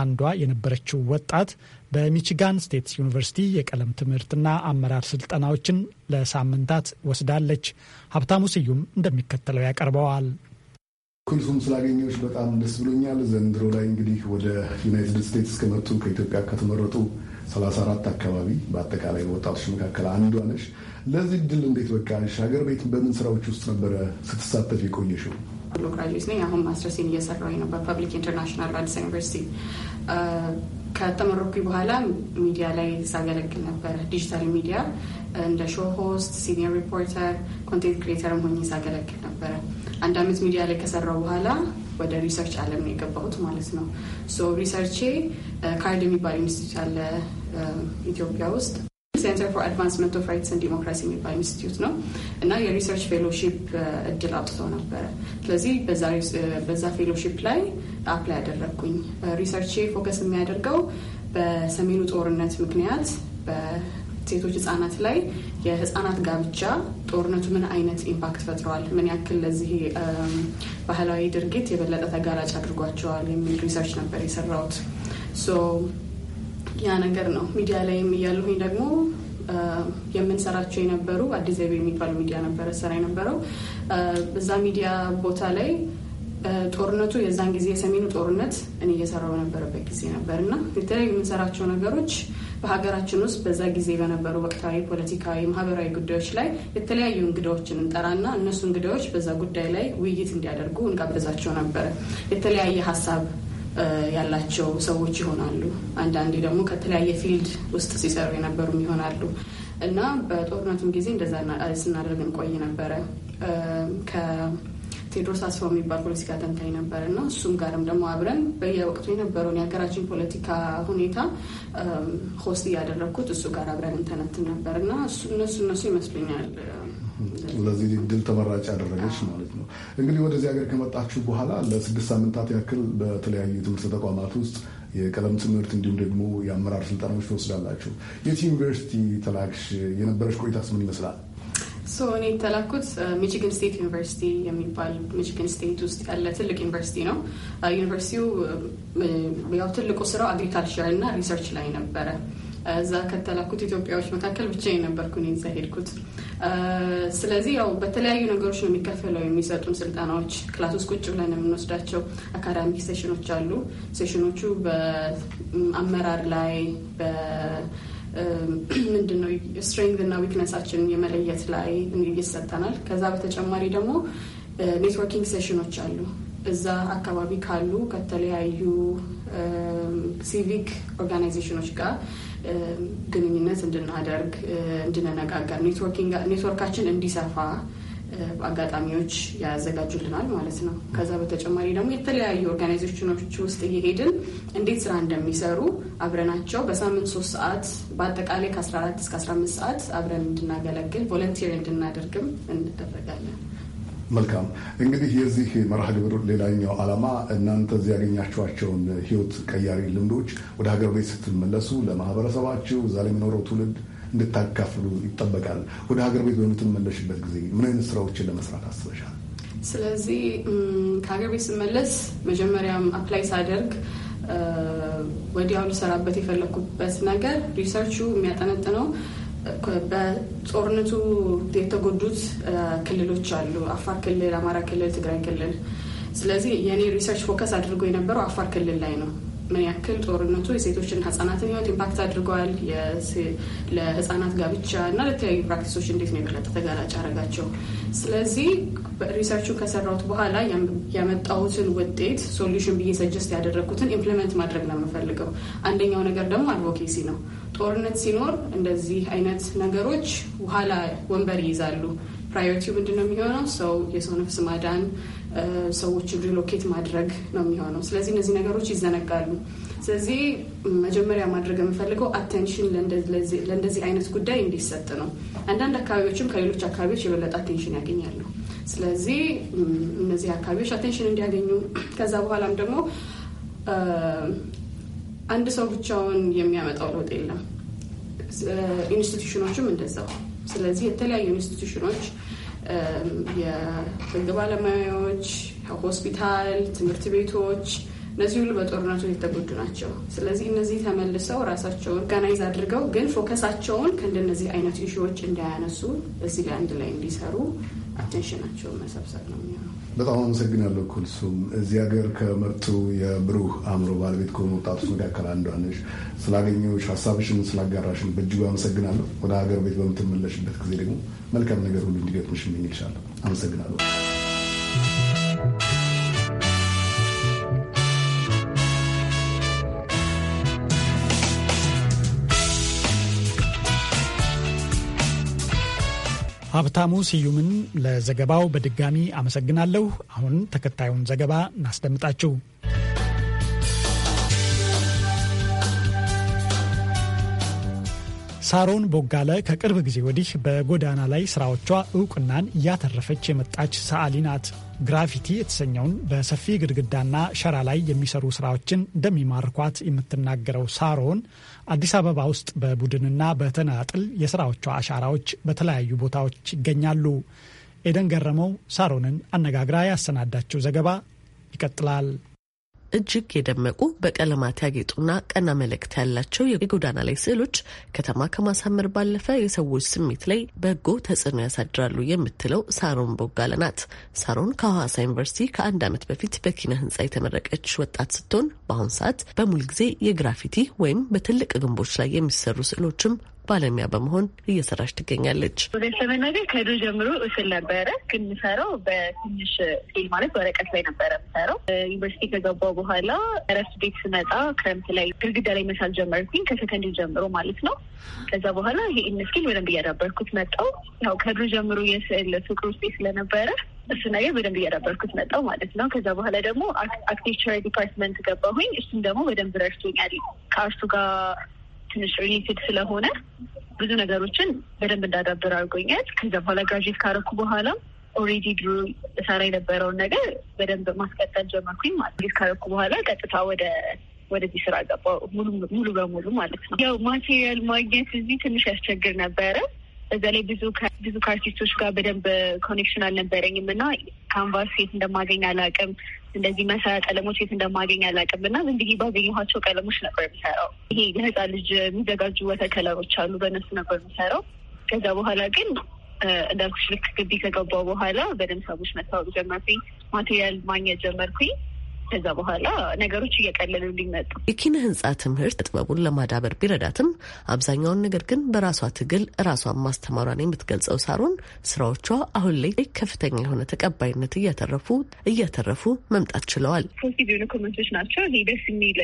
አንዷ የነበረችው ወጣት በሚችጋን ስቴትስ ዩኒቨርሲቲ የቀለም ትምህርትና አመራር ስልጠናዎችን ለሳምንታት ወስዳለች። ሀብታሙ ስዩም እንደሚከተለው ያቀርበዋል። ኩልሱም ስላገኘዎች በጣም ደስ ብሎኛል። ዘንድሮ ላይ እንግዲህ ወደ ዩናይትድ ስቴትስ ከመጡ ከኢትዮጵያ ከተመረጡ 34 አካባቢ በአጠቃላይ ወጣቶች መካከል አንዷ ነች። ለዚህ ድል እንዴት በቃሽ? ሀገር ቤት በምን ስራዎች ውስጥ ነበረ ስትሳተፍ የቆየሽው? ግራጁዌት ነኝ። አሁን ማስተርሴን እየሰራሁኝ ነው በፐብሊክ ኢንተርናሽናል አዲስ ዩኒቨርሲቲ። ከተመረኩኝ በኋላ ሚዲያ ላይ ሳገለግል ነበር። ዲጂታል ሚዲያ እንደ ሾ ሆስት፣ ሲኒየር ሪፖርተር፣ ኮንቴንት ክሬተርም ሆኜ ሳገለግል ነበረ። አንድ አመት ሚዲያ ላይ ከሰራው በኋላ ወደ ሪሰርች አለም ነው የገባሁት ማለት ነው። ሶ ሪሰርቼ ካርድ የሚባል ኢንስቲትዩት አለ ኢትዮጵያ ውስጥ ሴንተር ፎር አድቫንስመንት ኦፍ ራይትስ ን ዲሞክራሲ የሚባል ኢንስቲትዩት ነው እና የሪሰርች ፌሎሺፕ uh, እድል አውጥቶ ነበረ። ስለዚህ በዛ ፌሎሺፕ uh, ላይ አፕላይ ያደረግኩኝ ሪሰርች ፎከስ የሚያደርገው በሰሜኑ ጦርነት ምክንያት ሴቶች ህጻናት ላይ የህጻናት ጋብቻ ጦርነቱ ምን አይነት ኢምፓክት ፈጥረዋል፣ ምን ያክል ለዚህ um, ባህላዊ ድርጊት የበለጠ ተጋላጭ አድርጓቸዋል የሚል ሪሰርች ነበር የሰራሁት። ያ ነገር ነው። ሚዲያ ላይም እያሉኝ ደግሞ የምንሰራቸው የነበሩ አዲስ ዘይቤ የሚባል ሚዲያ ነበረ ሰራ የነበረው። በዛ ሚዲያ ቦታ ላይ ጦርነቱ የዛን ጊዜ የሰሜኑ ጦርነት እኔ እየሰራው ነበረበት ጊዜ ነበር እና የተለያዩ የምንሰራቸው ነገሮች በሀገራችን ውስጥ በዛ ጊዜ በነበሩ ወቅታዊ፣ ፖለቲካዊ፣ ማህበራዊ ጉዳዮች ላይ የተለያዩ እንግዳዎችን እንጠራና እነሱ እንግዳዎች በዛ ጉዳይ ላይ ውይይት እንዲያደርጉ እንጋብዛቸው ነበር። የተለያየ ሀሳብ ያላቸው ሰዎች ይሆናሉ። አንዳንዴ ደግሞ ከተለያየ ፊልድ ውስጥ ሲሰሩ የነበሩም ይሆናሉ እና በጦርነቱም ጊዜ እንደዛ ስናደርግ እንቆይ ነበረ። ቴድሮስ አስፋው የሚባል ፖለቲካ ተንታኝ ነበር እና እሱም ጋርም ደግሞ አብረን በየወቅቱ የነበረውን የሀገራችን ፖለቲካ ሁኔታ ሆስት እያደረግኩት እሱ ጋር አብረን እንተነትን ነበር እና እነሱ እነሱ ይመስሉኛል ስለዚህ ድል ተመራጭ ያደረገች ማለት ነው። እንግዲህ ወደዚህ ሀገር ከመጣችሁ በኋላ ለስድስት ሳምንታት ያክል በተለያዩ የትምህርት ተቋማት ውስጥ የቀለም ትምህርት እንዲሁም ደግሞ የአመራር ስልጠናዎች ትወስዳላችሁ። የት ዩኒቨርሲቲ ተላክሽ? የነበረች ቆይታስ ምን ይመስላል? እኔ የተላኩት ሚችግን ስቴት ዩኒቨርሲቲ የሚባል ሚችግን ስቴት ውስጥ ያለ ትልቅ ዩኒቨርሲቲ ነው። ዩኒቨርሲቲው ያው ትልቁ ስራው አግሪካልቸር እና ሪሰርች ላይ ነበረ። እዛ ከተላኩት ኢትዮጵያዎች መካከል ብቻ የነበርኩ እዛ ሄድኩት። ስለዚህ ያው በተለያዩ ነገሮች ነው የሚከፈለው። የሚሰጡን ስልጠናዎች ክላስ ውስጥ ቁጭ ብለን የምንወስዳቸው አካዳሚክ ሴሽኖች አሉ። ሴሽኖቹ በአመራር ላይ ምንድነው ስትሬንግዝ እና ዊክነሳችን የመለየት ላይ ይሰጠናል። ከዛ በተጨማሪ ደግሞ ኔትወርኪንግ ሴሽኖች አሉ። እዛ አካባቢ ካሉ ከተለያዩ ሲቪክ ኦርጋናይዜሽኖች ጋር ግንኙነት እንድናደርግ እንድንነጋገር፣ ኔትወርካችን እንዲሰፋ አጋጣሚዎች ያዘጋጁልናል ማለት ነው። ከዛ በተጨማሪ ደግሞ የተለያዩ ኦርጋናይዜሽኖች ውስጥ እየሄድን እንዴት ስራ እንደሚሰሩ አብረናቸው በሳምንት ሶስት ሰዓት በአጠቃላይ ከ14 እስከ 15 ሰዓት አብረን እንድናገለግል ቮለንቲር እንድናደርግም እንደረጋለን። መልካም እንግዲህ የዚህ መርሃ ግብር ሌላኛው ዓላማ እናንተ እዚህ ያገኛችኋቸውን ህይወት ቀያሪ ልምዶች ወደ ሀገር ቤት ስትመለሱ ለማህበረሰባችሁ እዛ ላይ የሚኖረው ትውልድ እንድታካፍሉ ይጠበቃል። ወደ ሀገር ቤት በምትመለሽበት ጊዜ ምን አይነት ስራዎችን ለመስራት አስበሻል? ስለዚህ ከሀገር ቤት ስመለስ መጀመሪያም አፕላይ ሳደርግ ወዲያው ልሰራበት የፈለግኩበት ነገር ሪሰርቹ የሚያጠነጥነው በጦርነቱ የተጎዱት ክልሎች አሉ። አፋር ክልል፣ አማራ ክልል፣ ትግራይ ክልል። ስለዚህ የእኔ ሪሰርች ፎከስ አድርጎ የነበረው አፋር ክልል ላይ ነው። ምን ያክል ጦርነቱ የሴቶችና ህጻናትን ህይወት ኢምፓክት አድርገዋል፣ ለህጻናት ጋብቻ እና ለተለያዩ ፕራክቲሶች እንዴት ነው የበለጠ ተጋላጭ አረጋቸው ስለዚህ ሪሰርቹን ከሰራሁት በኋላ ያመጣሁትን ውጤት ሶሉሽን ብዬ ሰጀስት ያደረግኩትን ኢምፕሊመንት ማድረግ ነው የምፈልገው። አንደኛው ነገር ደግሞ አድቮኬሲ ነው። ጦርነት ሲኖር እንደዚህ አይነት ነገሮች ኋላ ወንበር ይይዛሉ። ፕራዮሪቲው ምንድን ነው የሚሆነው? ሰው የሰው ነፍስ ማዳን ሰዎችን ሪሎኬት ማድረግ ነው የሚሆነው። ስለዚህ እነዚህ ነገሮች ይዘነጋሉ። ስለዚህ መጀመሪያ ማድረግ የምፈልገው አቴንሽን ለእንደዚህ አይነት ጉዳይ እንዲሰጥ ነው። አንዳንድ አካባቢዎችም ከሌሎች አካባቢዎች የበለጠ አቴንሽን ያገኛሉ። ስለዚህ እነዚህ አካባቢዎች አቴንሽን እንዲያገኙ ከዛ በኋላም ደግሞ አንድ ሰው ብቻውን የሚያመጣው ለውጥ የለም። ኢንስቲቱሽኖችም እንደዛው። ስለዚህ የተለያዩ ኢንስቲቱሽኖች የህግ ባለሙያዎች፣ ሆስፒታል፣ ትምህርት ቤቶች እነዚህ ሁሉ በጦርነቱ የተጎዱ ናቸው። ስለዚህ እነዚህ ተመልሰው ራሳቸውን ኦርጋናይዝ አድርገው ግን ፎከሳቸውን ከእንደነዚህ አይነት ኢሹዎች እንዳያነሱ እዚህ ላይ አንድ ላይ እንዲሰሩ አቴንሽናቸውን መሰብሰብ ነው የሚሆነው። በጣም አመሰግናለሁ ኩልሱም። እዚህ ሀገር ከመርቱ የብሩህ አእምሮ ባለቤት ከሆኑ ወጣቶች መካከል አንዷ ነሽ። ስላገኘሁሽ፣ ሀሳብሽን ስላጋራሽን በእጅጉ አመሰግናለሁ። ወደ ሀገር ቤት በምትመለሽበት ጊዜ ደግሞ መልካም ነገር ሁሉ እንዲገጥምሽ እመኝልሻለሁ። አመሰግናለሁ። ሀብታሙ ስዩምን ለዘገባው በድጋሚ አመሰግናለሁ። አሁን ተከታዩን ዘገባ እናስደምጣችሁ። ሳሮን ቦጋለ ከቅርብ ጊዜ ወዲህ በጎዳና ላይ ስራዎቿ እውቅናን እያተረፈች የመጣች ሰዓሊ ናት። ግራፊቲ የተሰኘውን በሰፊ ግድግዳና ሸራ ላይ የሚሰሩ ስራዎችን እንደሚማርኳት የምትናገረው ሳሮን አዲስ አበባ ውስጥ በቡድንና በተናጥል የስራዎቿ አሻራዎች በተለያዩ ቦታዎች ይገኛሉ። ኤደን ገረመው ሳሮንን አነጋግራ ያሰናዳችው ዘገባ ይቀጥላል። እጅግ የደመቁ በቀለማት ያጌጡና ቀና መልእክት ያላቸው የጎዳና ላይ ስዕሎች ከተማ ከማሳመር ባለፈ የሰዎች ስሜት ላይ በጎ ተጽዕኖ ያሳድራሉ የምትለው ሳሮን ቦጋለ ናት። ሳሮን ከሐዋሳ ዩኒቨርሲቲ ከአንድ ዓመት በፊት በኪነ ህንፃ የተመረቀች ወጣት ስትሆን በአሁኑ ሰዓት በሙል ጊዜ የግራፊቲ ወይም በትልቅ ግንቦች ላይ የሚሰሩ ስዕሎችም ባለሙያ በመሆን እየሰራች ትገኛለች። ለመናገር ከድሮ ጀምሮ እስል ነበረ፣ ግን በትንሽ ስኬል ማለት ወረቀት ላይ ነበረ ምሰራው። ዩኒቨርሲቲ ከገባሁ በኋላ እረፍት ቤት ስመጣ ክረምት ላይ ግድግዳ ላይ መሳል ጀመርኩኝ፣ ከሰከንድ ጀምሮ ማለት ነው። ከዛ በኋላ ይህን ስኪል በደንብ እያዳበርኩት መጣው። ያው ከድሮ ጀምሮ የስዕል ፍቅር ውስጤ ስለነበረ እሱ ነገር በደንብ እያዳበርኩት መጣው ማለት ነው። ከዛ በኋላ ደግሞ አርክቴክቸር ዲፓርትመንት ገባሁኝ። እሱም ደግሞ በደንብ ረድቶኛል ከአርቱ ጋር ትንሽ ሪሌትድ ስለሆነ ብዙ ነገሮችን በደንብ እንዳዳብር አድርጎኛል። ከዛ በኋላ ግራጅዌት ካረኩ በኋላ ኦሬዲ ድሮ እሰራ የነበረውን ነገር በደንብ ማስቀጠል ጀመርኩኝ። ማለት ካረኩ በኋላ ቀጥታ ወደ ወደዚህ ስራ ገባሁ ሙሉ በሙሉ ማለት ነው። ያው ማቴሪያል ማግኘት እዚህ ትንሽ ያስቸግር ነበረ። በዛ ላይ ብዙ ብዙ ከአርቲስቶች ጋር በደንብ ኮኔክሽን አልነበረኝም እና ካንቫስ ሴት እንደማገኝ አላውቅም እንደዚህ መሰረተ ቀለሞች ቤት እንደማገኝ አላውቅም እና ዝም ብዬ ባገኘኋቸው ቀለሞች ነበር የሚሰራው። ይሄ ለህፃን ልጅ የሚዘጋጁ ወተር ከለሮች አሉ፣ በእነሱ ነበር የሚሰራው። ከዛ በኋላ ግን እንዳልኩሽ ልክ ግቢ ከገባሁ በኋላ በደንብ ሰዎች መታወቅ ጀመርኩኝ፣ ማቴሪያል ማግኘት ጀመርኩኝ። ከዛ በኋላ ነገሮች እየቀለሉ ሊመጡ የኪነ ህንጻ ትምህርት ጥበቡን ለማዳበር ቢረዳትም አብዛኛውን ነገር ግን በራሷ ትግል ራሷን ማስተማሯን የምትገልጸው ሳሮን ስራዎቿ አሁን ላይ ከፍተኛ የሆነ ተቀባይነት እያተረፉ እያተረፉ መምጣት ችለዋል። ፖዚቲቭ የሆኑ ኮመንቶች ናቸው። ይሄ ደስ የሚል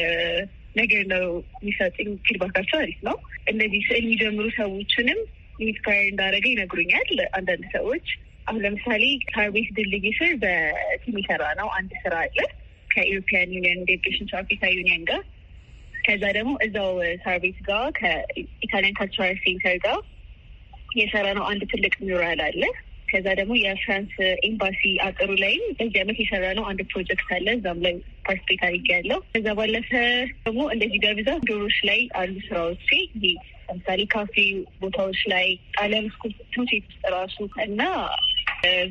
ነገር ነው። የሚሰጥኝ ፊድባካቸው አሪፍ ነው። እነዚህ ስዕል የሚጀምሩ ሰዎችንም ኢንስፓየር እንዳደረገ ይነግሩኛል አንዳንድ ሰዎች። አሁን ለምሳሌ ካርቤት ቤት ድልድይ ስር በቲም የሰራ ነው አንድ ስራ አለ ከኢሮፒያን ዩኒየን ዴፕሽን ከአፍሪካ ዩኒየን ጋር ከዛ ደግሞ እዛው ሳር ቤት ጋር ከኢታሊያን ካልቸራል ሴንተር ጋር የሰራ ነው አንድ ትልቅ ሚውራል አለ። ከዛ ደግሞ የፍራንስ ኤምባሲ አጥሩ ላይም በዚህ አመት የሰራ ነው አንድ ፕሮጀክት አለ። እዛም ላይ ፓርቲፔት አድርጌ ያለው። ከዛ ባለፈ ደግሞ እንደዚህ በብዛት ዶሮች ላይ አሉ ስራዎች ለምሳሌ ካፌ ቦታዎች ላይ ጣሊያን ስኩል ትምህርት ቤት ውስጥ ራሱ እና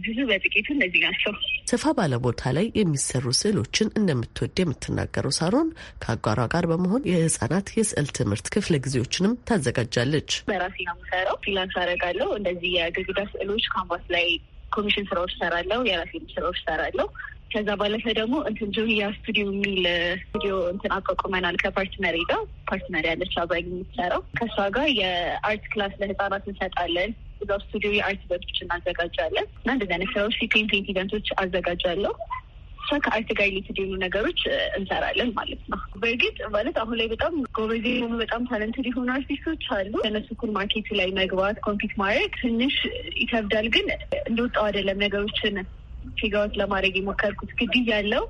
ብዙ በጥቂቱ እነዚህ ናቸው። ሰፋ ባለ ቦታ ላይ የሚሰሩ ስዕሎችን እንደምትወድ የምትናገረው ሳሮን ከአጓሯ ጋር በመሆን የህጻናት የስዕል ትምህርት ክፍለ ጊዜዎችንም ታዘጋጃለች። በራሴ ነው የምሰራው። ፍሪላንስ አደርጋለሁ። እንደዚህ የግድግዳ ስዕሎች ካንቫስ ላይ ኮሚሽን ስራዎች ሰራለው። የራሴ ስራዎች ሰራለው። ከዛ ባለፈ ደግሞ እንትን ጆህያ ስቱዲዮ የሚል ስቱዲዮ እንትን አቋቁመናል ከፓርትነሪ ጋር። ፓርትነሪ ያለች አብራኝ የምትሰራው ከእሷ ጋር የአርት ክላስ ለህፃናት እንሰጣለን። እዛ ስቱዲዮ የአርት ኢቨንቶች እናዘጋጃለን እና እንደዚህ አይነት ስራዎች ፔንት ኢቨንቶች አዘጋጃለሁ። እሷ ከአርት ጋር ሪሌትድ ነገሮች እንሰራለን ማለት ነው። በእርግጥ ማለት አሁን ላይ በጣም ጎበዜ የሆኑ በጣም ታለንትድ የሆኑ አርቲስቶች አሉ። ከነሱ እኩል ማርኬቱ ላይ መግባት ኮምፒት ማድረግ ትንሽ ይከብዳል፣ ግን እንደወጣው አይደለም ነገሮችን ፊጋዎች ለማድረግ የሞከርኩት ግድ ያለው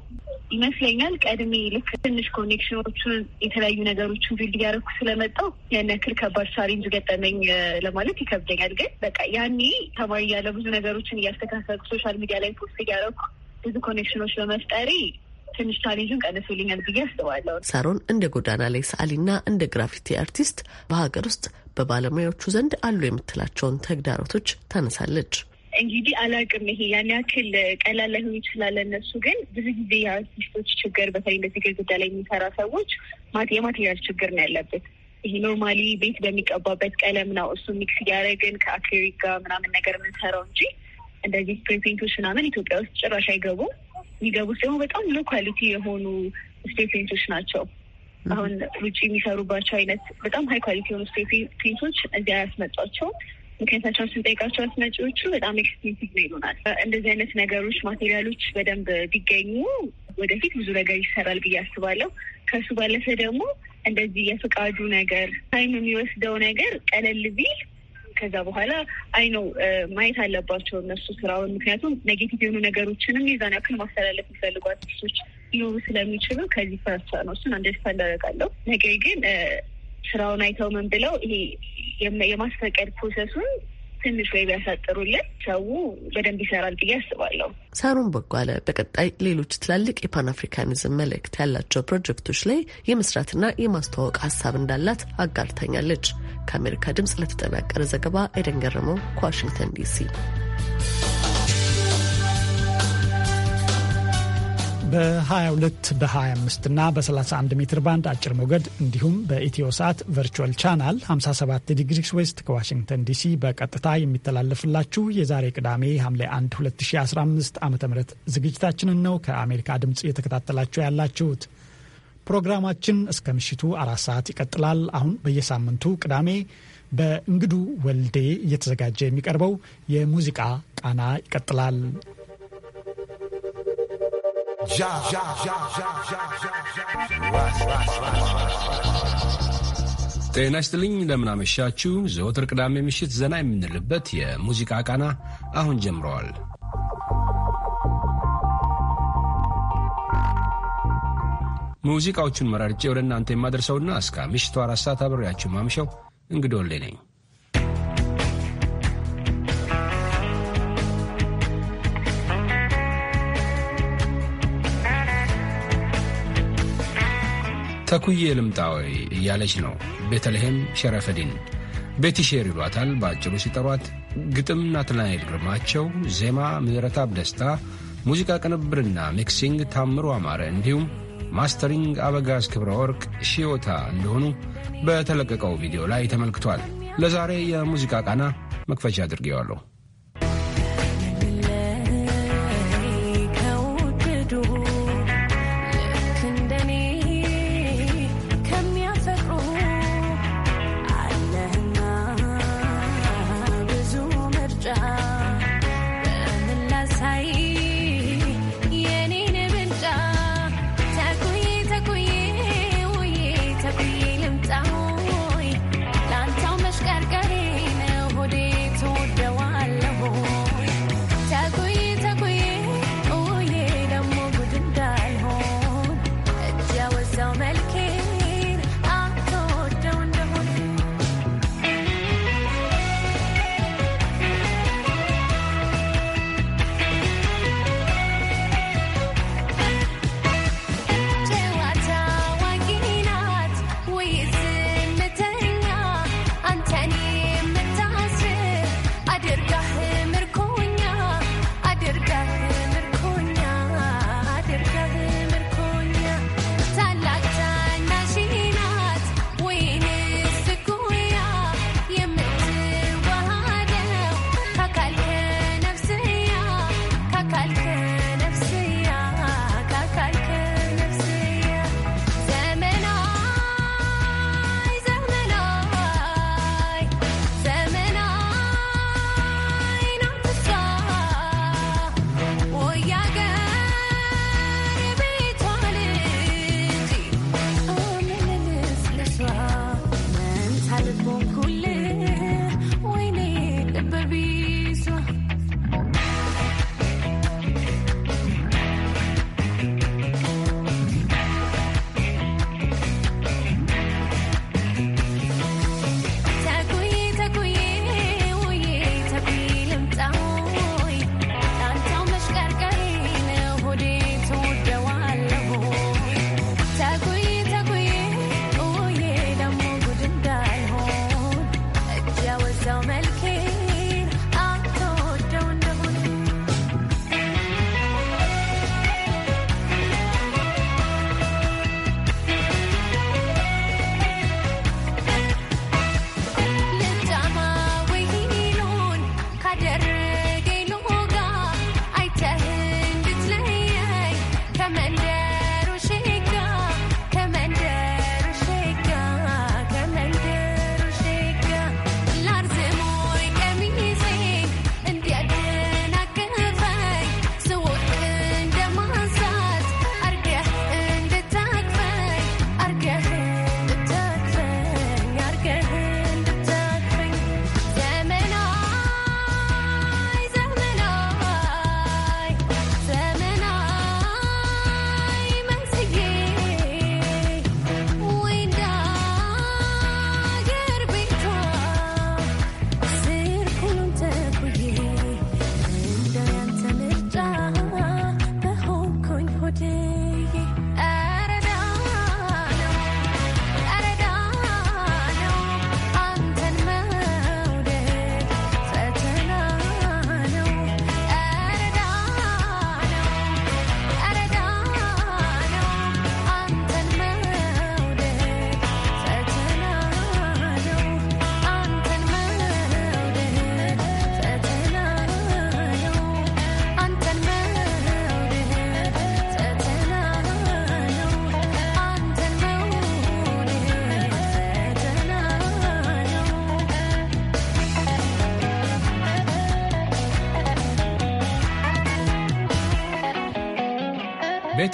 ይመስለኛል። ቀድሜ ልክ ትንሽ ኮኔክሽኖቹን የተለያዩ ነገሮችን ቢልድ እያደረኩ ስለመጣው ያን ያክል ከባድ ቻሌንጅ ገጠመኝ ለማለት ይከብደኛል። ግን በቃ ያኔ ተማሪ ያለ ብዙ ነገሮችን እያስተካከልኩ ሶሻል ሚዲያ ላይ ፖስት እያደረኩ ብዙ ኮኔክሽኖች በመፍጠሬ ትንሽ ቻሌንጁን ቀንሶልኛል ብዬ አስባለሁ። ሳሮን እንደ ጎዳና ላይ ሰዓሊና እንደ ግራፊቲ አርቲስት በሀገር ውስጥ በባለሙያዎቹ ዘንድ አሉ የምትላቸውን ተግዳሮቶች ታነሳለች። እንግዲህ አላውቅም። ይሄ ያን ያክል ቀላል ላይሆን ይችላል። እነሱ ግን ብዙ ጊዜ የአርቲስቶች ችግር በተለይ እንደዚህ ግድግዳ ላይ የሚሰራ ሰዎች የማቴሪያል ችግር ነው ያለበት። ይሄ ኖርማሊ ቤት በሚቀባበት ቀለም ነው እሱ ሚክስ እያደረግን ከአክሪሊክ ጋር ምናምን ነገር የምንሰራው እንጂ እንደዚህ ስፕሬይ ፔንቶች ምናምን ኢትዮጵያ ውስጥ ጭራሽ አይገቡም። የሚገቡት ደግሞ በጣም ሎ ኳሊቲ የሆኑ ስፕሬይ ፔንቶች ናቸው። አሁን ውጭ የሚሰሩባቸው አይነት በጣም ሀይ ኳሊቲ የሆኑ ስፕሬይ ፔንቶች እዚህ ምክንያታቸውን ስንጠይቃቸው አስመጪዎቹ በጣም ኤክስፔንሲቭ ነው ይሉናል። እንደዚህ አይነት ነገሮች ማቴሪያሎች በደንብ ቢገኙ ወደፊት ብዙ ነገር ይሰራል ብዬ አስባለሁ። ከሱ ባለፈ ደግሞ እንደዚህ የፍቃዱ ነገር ታይም የሚወስደው ነገር ቀለል ቢል ከዛ በኋላ አይ ነው ማየት አለባቸው እነሱ ስራውን። ምክንያቱም ኔጌቲቭ የሆኑ ነገሮችንም የዛን ያክል ማስተላለፍ የሚፈልጉ አርቲስቶች ሊኖሩ ስለሚችሉ ከዚህ ፈርሳ ነው እሱን አንደርስታንድ አደርጋለሁ። ነገር ግን ስራውን አይተው ምን ብለው ይሄ የማስፈቀድ ፕሮሰሱን ትንሽ ወይ ቢያሳጥሩልን ሰው በደንብ ይሰራል ብዬ አስባለሁ። ሳሩን በጓለ በቀጣይ ሌሎች ትላልቅ የፓን አፍሪካኒዝም መልእክት ያላቸው ፕሮጀክቶች ላይ የመስራትና የማስተዋወቅ ሀሳብ እንዳላት አጋርተኛለች። ከአሜሪካ ድምፅ ለተጠናቀረ ዘገባ ኤደን ገረመው ከዋሽንግተን ዲሲ በ22 በ25 እና በ31 ሜትር ባንድ አጭር ሞገድ እንዲሁም በኢትዮ ሰዓት ቨርቹዋል ቻናል 57 ዲግሪስ ዌስት ከዋሽንግተን ዲሲ በቀጥታ የሚተላለፍላችሁ የዛሬ ቅዳሜ ሐምሌ 1 2015 ዓ ም ዝግጅታችንን ነው ከአሜሪካ ድምፅ እየተከታተላችሁ ያላችሁት። ፕሮግራማችን እስከ ምሽቱ አራት ሰዓት ይቀጥላል። አሁን በየሳምንቱ ቅዳሜ በእንግዱ ወልዴ እየተዘጋጀ የሚቀርበው የሙዚቃ ቃና ይቀጥላል። já, já, já, já, já, já. já. ጤና ይስጥልኝ እንደምናመሻችሁ። ዘወትር ቅዳሜ ምሽት ዘና የምንልበት የሙዚቃ ቃና አሁን ጀምረዋል። ሙዚቃዎቹን መራርጬ ወደ እናንተ የማደርሰውና እስከ ምሽቱ አራት ሰዓት አብሬያችሁ ማምሸው እንግዶልኝ ነኝ። ከኩዬ ልምጣ ወይ እያለች ነው ቤተልሔም ሸረፈዲን ቤቲሼር ይሏታል በአጭሩ ሲጠሯት። ግጥም ናትናኤል ግርማቸው፣ ዜማ ምዕረታብ ደስታ፣ ሙዚቃ ቅንብርና ሚክሲንግ ታምሮ አማረ እንዲሁም ማስተሪንግ አበጋዝ ክብረ ወርቅ ሺዮታ እንደሆኑ በተለቀቀው ቪዲዮ ላይ ተመልክቷል። ለዛሬ የሙዚቃ ቃና መክፈቻ አድርጌዋለሁ።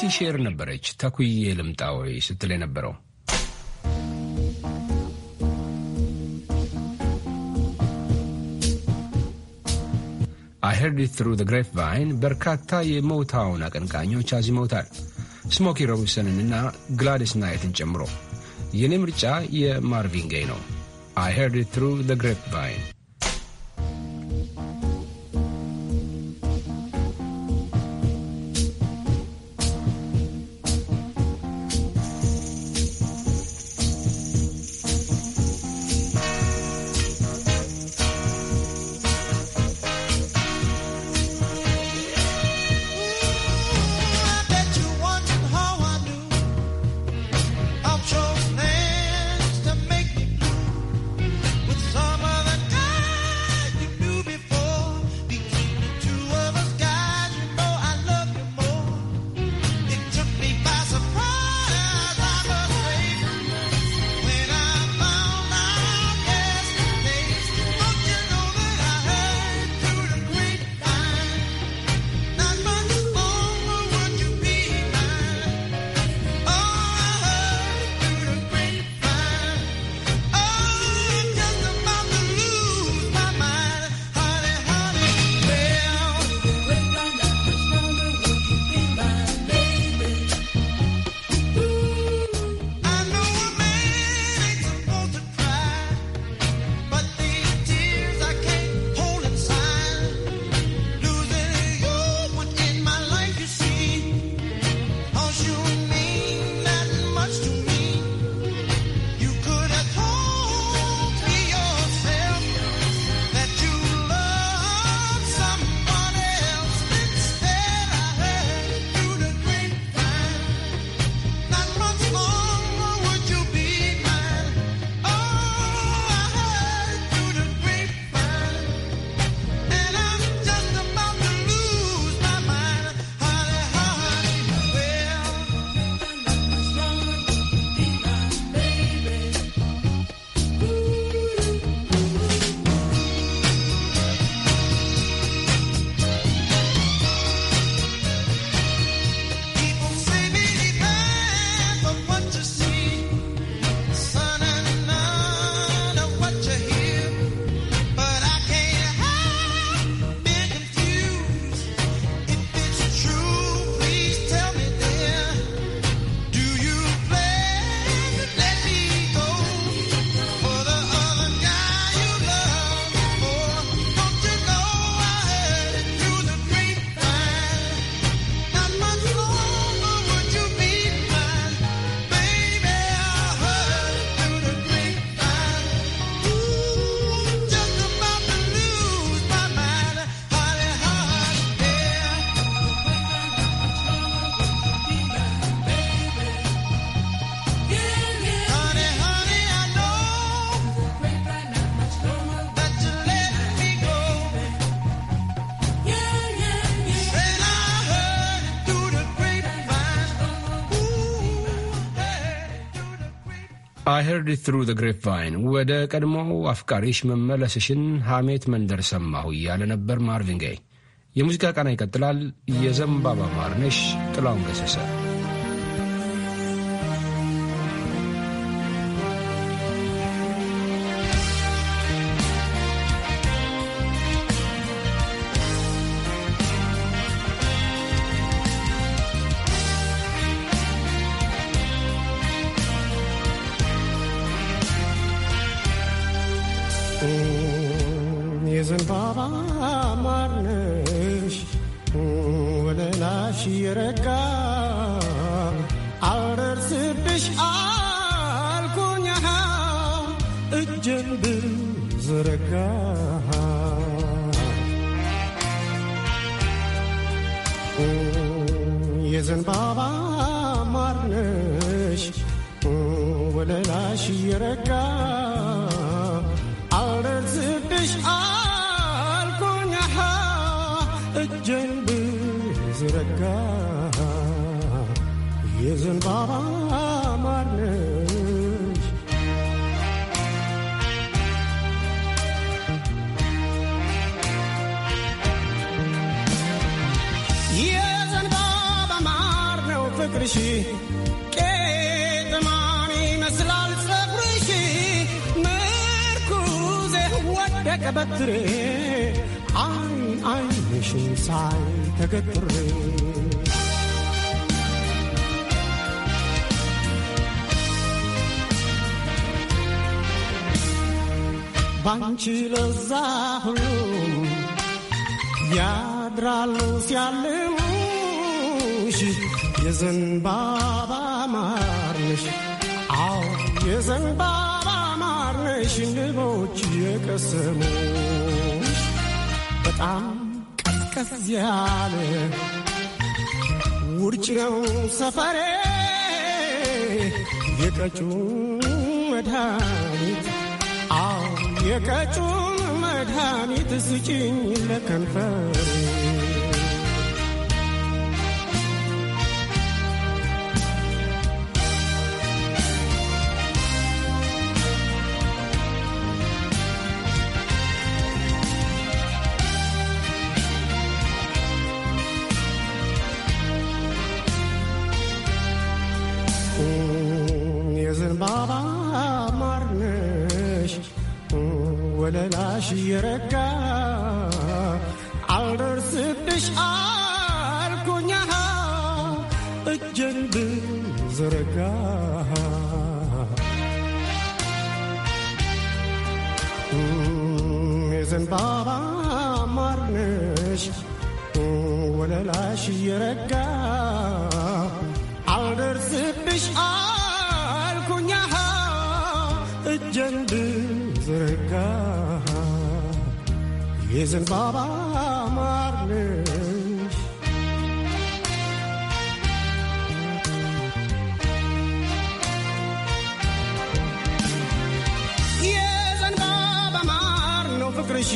ቤቲ ሼር ነበረች ተኩዬ ልምጣ ወይ ስትል የነበረው። አይሄርድ ትሩ ዘ ግሬፕ ቫይን በርካታ የሞታውን አቀንቃኞች አዚመውታል። ስሞኪ እና ግላዲስ ናይትን ጨምሮ የኔ ምርጫ የማርቪን ጌይ ነው። አይሄርድ ትሩ ዘ አይ ሄርድ ትሩ ዘ ቫይን ወደ ቀድሞው አፍቃሪሽ መመለስሽን ሐሜት መንደር ሰማሁ እያለ ነበር ማርቪን ጋይ። የሙዚቃ ቃና ይቀጥላል። የዘንባባ ማርነሽ ጥላውን ገሰሰ ተበትሬ አይን አይንሽን ሳይ ተገትሬ ባንቺ ለዛ ሁሉ ያድራሉ ሲያልሙሽ የዘንባባ ማርነሽ አዎ የዘንባ ሽንሞች የቀሰሙ በጣም ቀዝቀዝ ያለ ውርጭ ነው ሰፈሬ የቀጩ መድኃኒት አው የቀጩ መድኃኒት ስጭኝ ለከንፈሬ ሆነሽ ወለላሽ እየረጋ አልደርስብሽ አልኩኛ እጄን ብዘረጋ የዘንባባ ማር ነሽ የዘንባባ ማር ነው ፍቅርሽ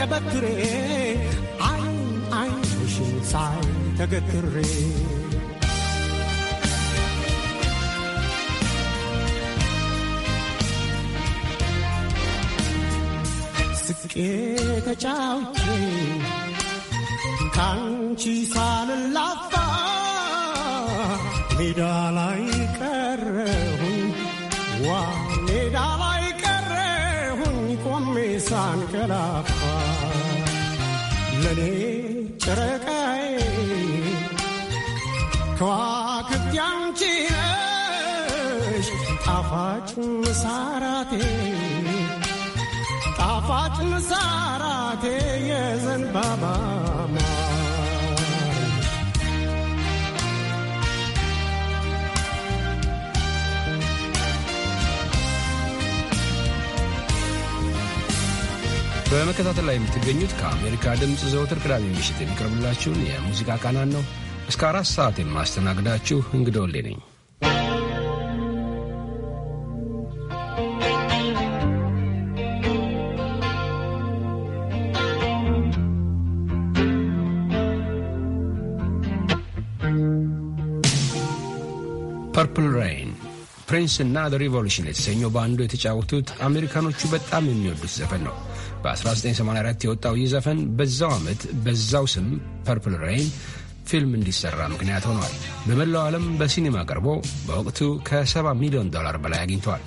ተቀበትሬ ዓይን ዓይንሽን ሳይ ተገትሬ ስቄ ተጫውቼ ካንቺ ሳልላፋ ሜዳ ላይ ቀረሁኝ ዋ ሜዳ ላይ ቀረሁኝ ቆሜ ሳንቀላ ለእኔ ጨረቃዬ ከዋክብት ያንቺ ነሽ ጣፋጭ ምሳራቴ ጣፋጭ ምሳራቴ የዘንባባ በመከታተል ላይ የምትገኙት ከአሜሪካ ድምፅ ዘወትር ቅዳሜ ምሽት የሚቀርብላችሁን የሙዚቃ ቃናን ነው። እስከ አራት ሰዓት የማስተናግዳችሁ እንግዳ ወሌ ነኝ። ፐርፕል ሬይን ፕሪንስ እና ሪቮሉሽን የተሰኘው በአንዱ የተጫወቱት አሜሪካኖቹ በጣም የሚወዱት ዘፈን ነው። በ1984 የወጣው ይህ ዘፈን በዛው ዓመት በዛው ስም ፐርፕል ሬይን ፊልም እንዲሠራ ምክንያት ሆኗል። በመላው ዓለም በሲኔማ ቀርቦ በወቅቱ ከ70 ሚሊዮን ዶላር በላይ አግኝተዋል።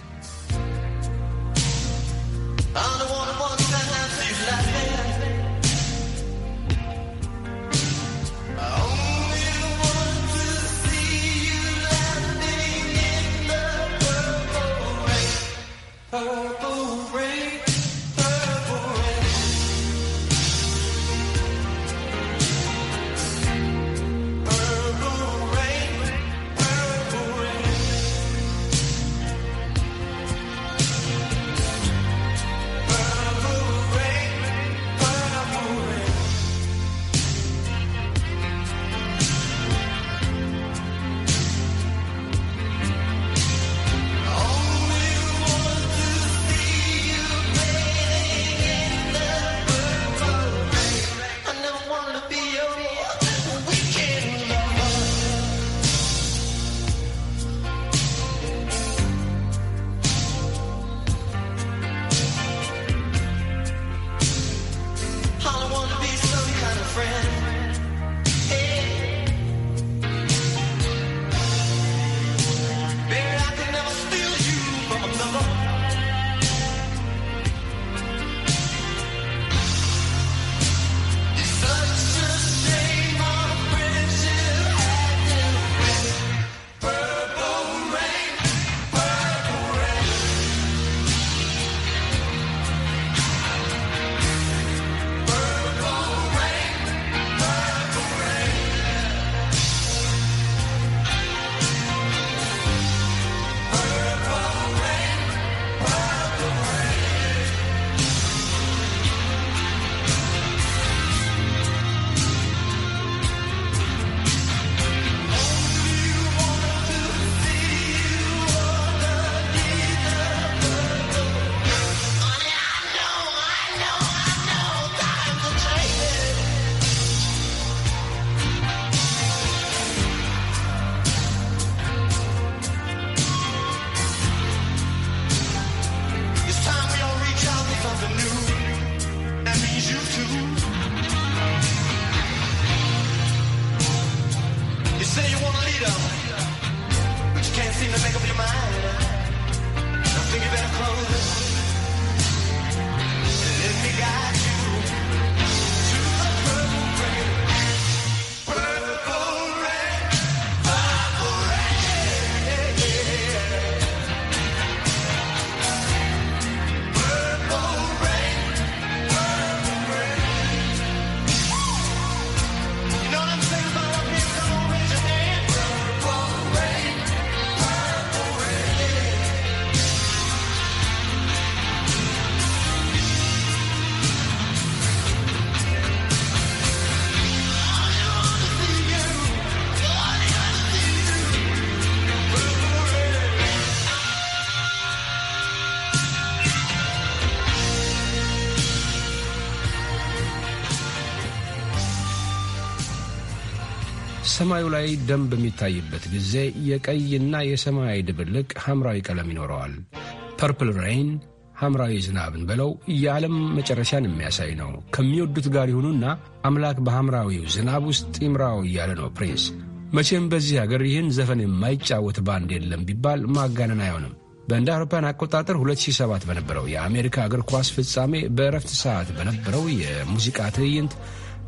ሰማዩ ላይ ደም በሚታይበት ጊዜ የቀይና የሰማያዊ ድብልቅ ሐምራዊ ቀለም ይኖረዋል። ፐርፕል ሬይን ሐምራዊ ዝናብን በለው የዓለም መጨረሻን የሚያሳይ ነው። ከሚወዱት ጋር ይሁኑና አምላክ በሐምራዊው ዝናብ ውስጥ ይምራው እያለ ነው ፕሪንስ። መቼም በዚህ አገር ይህን ዘፈን የማይጫወት ባንድ የለም ቢባል ማጋነን አይሆንም። በእንደ አውሮፓውያን አቆጣጠር 2007 በነበረው የአሜሪካ እግር ኳስ ፍጻሜ በእረፍት ሰዓት በነበረው የሙዚቃ ትዕይንት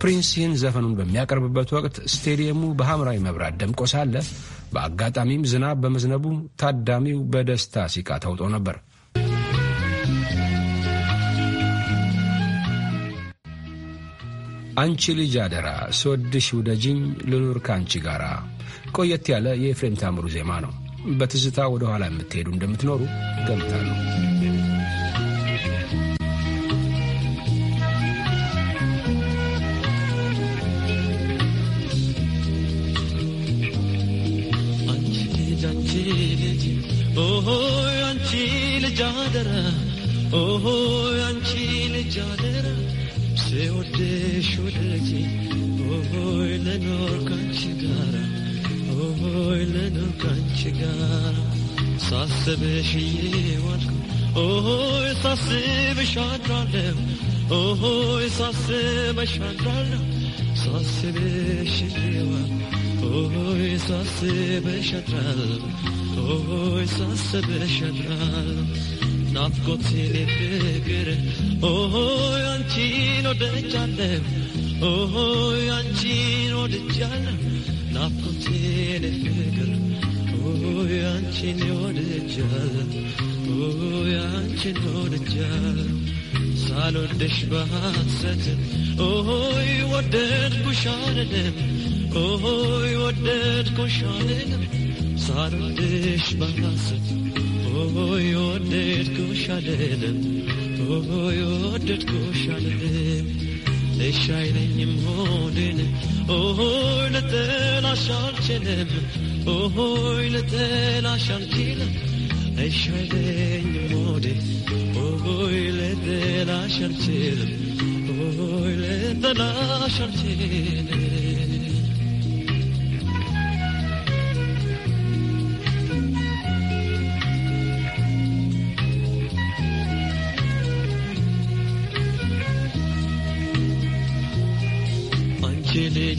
ፕሪንስ ይህን ዘፈኑን በሚያቀርብበት ወቅት ስቴዲየሙ በሐምራዊ መብራት ደምቆ ሳለ በአጋጣሚም ዝናብ በመዝነቡ ታዳሚው በደስታ ሲቃ ተውጦ ነበር። አንቺ ልጅ አደራ ስወድሽ ውደጅኝ ልኑር ከአንቺ ጋር ቆየት ያለ የኤፍሬም ታምሩ ዜማ ነው። በትዝታ ወደ ኋላ የምትሄዱ እንደምትኖሩ ገምታለሁ። ኦሆይ አንቺ ልጅ አደራ ኦሆይ አንቺ ልጅ አደራ ስወደሽ ወደጂ ኦሆይ ለኖር ካንቺ ጋራ ኦሆይ ለኖር ካንቺ ጋራ ሳስብሽ ይዋልኩ ኦሆይ ሳስብሽ አድራለሁ ኦሆይ ሳስብሽ አድራለሁ ሳስብሽ ይዋል ኦሆይ ሳስብሽ አድራለሁ ሆይ ሳስብሽ ያድራል ናፍቆቴ ፍቅር ሆይ አንቺን ወደጃለሁ ሆይ አንቺን ወደጃለሁ ናፍቆቴ ፍቅር ሆይ አንቺን ወደጃለሁ ሆይ አንቺን ወደጃለሁ ሳልወደሽ በሐሰት ሆይ ወደድኩሽ አልልም ሆይ ወደድኩሽ አልልም صار ندش براسك وي وديتكوش عليلم وي وديتكوش عليلم ليش عينيم هونين وي لتل عشان شلم وي لتل عشان كيلم ليش عينيم هونين وي لتل عشان شلم وي لتل عشان شلم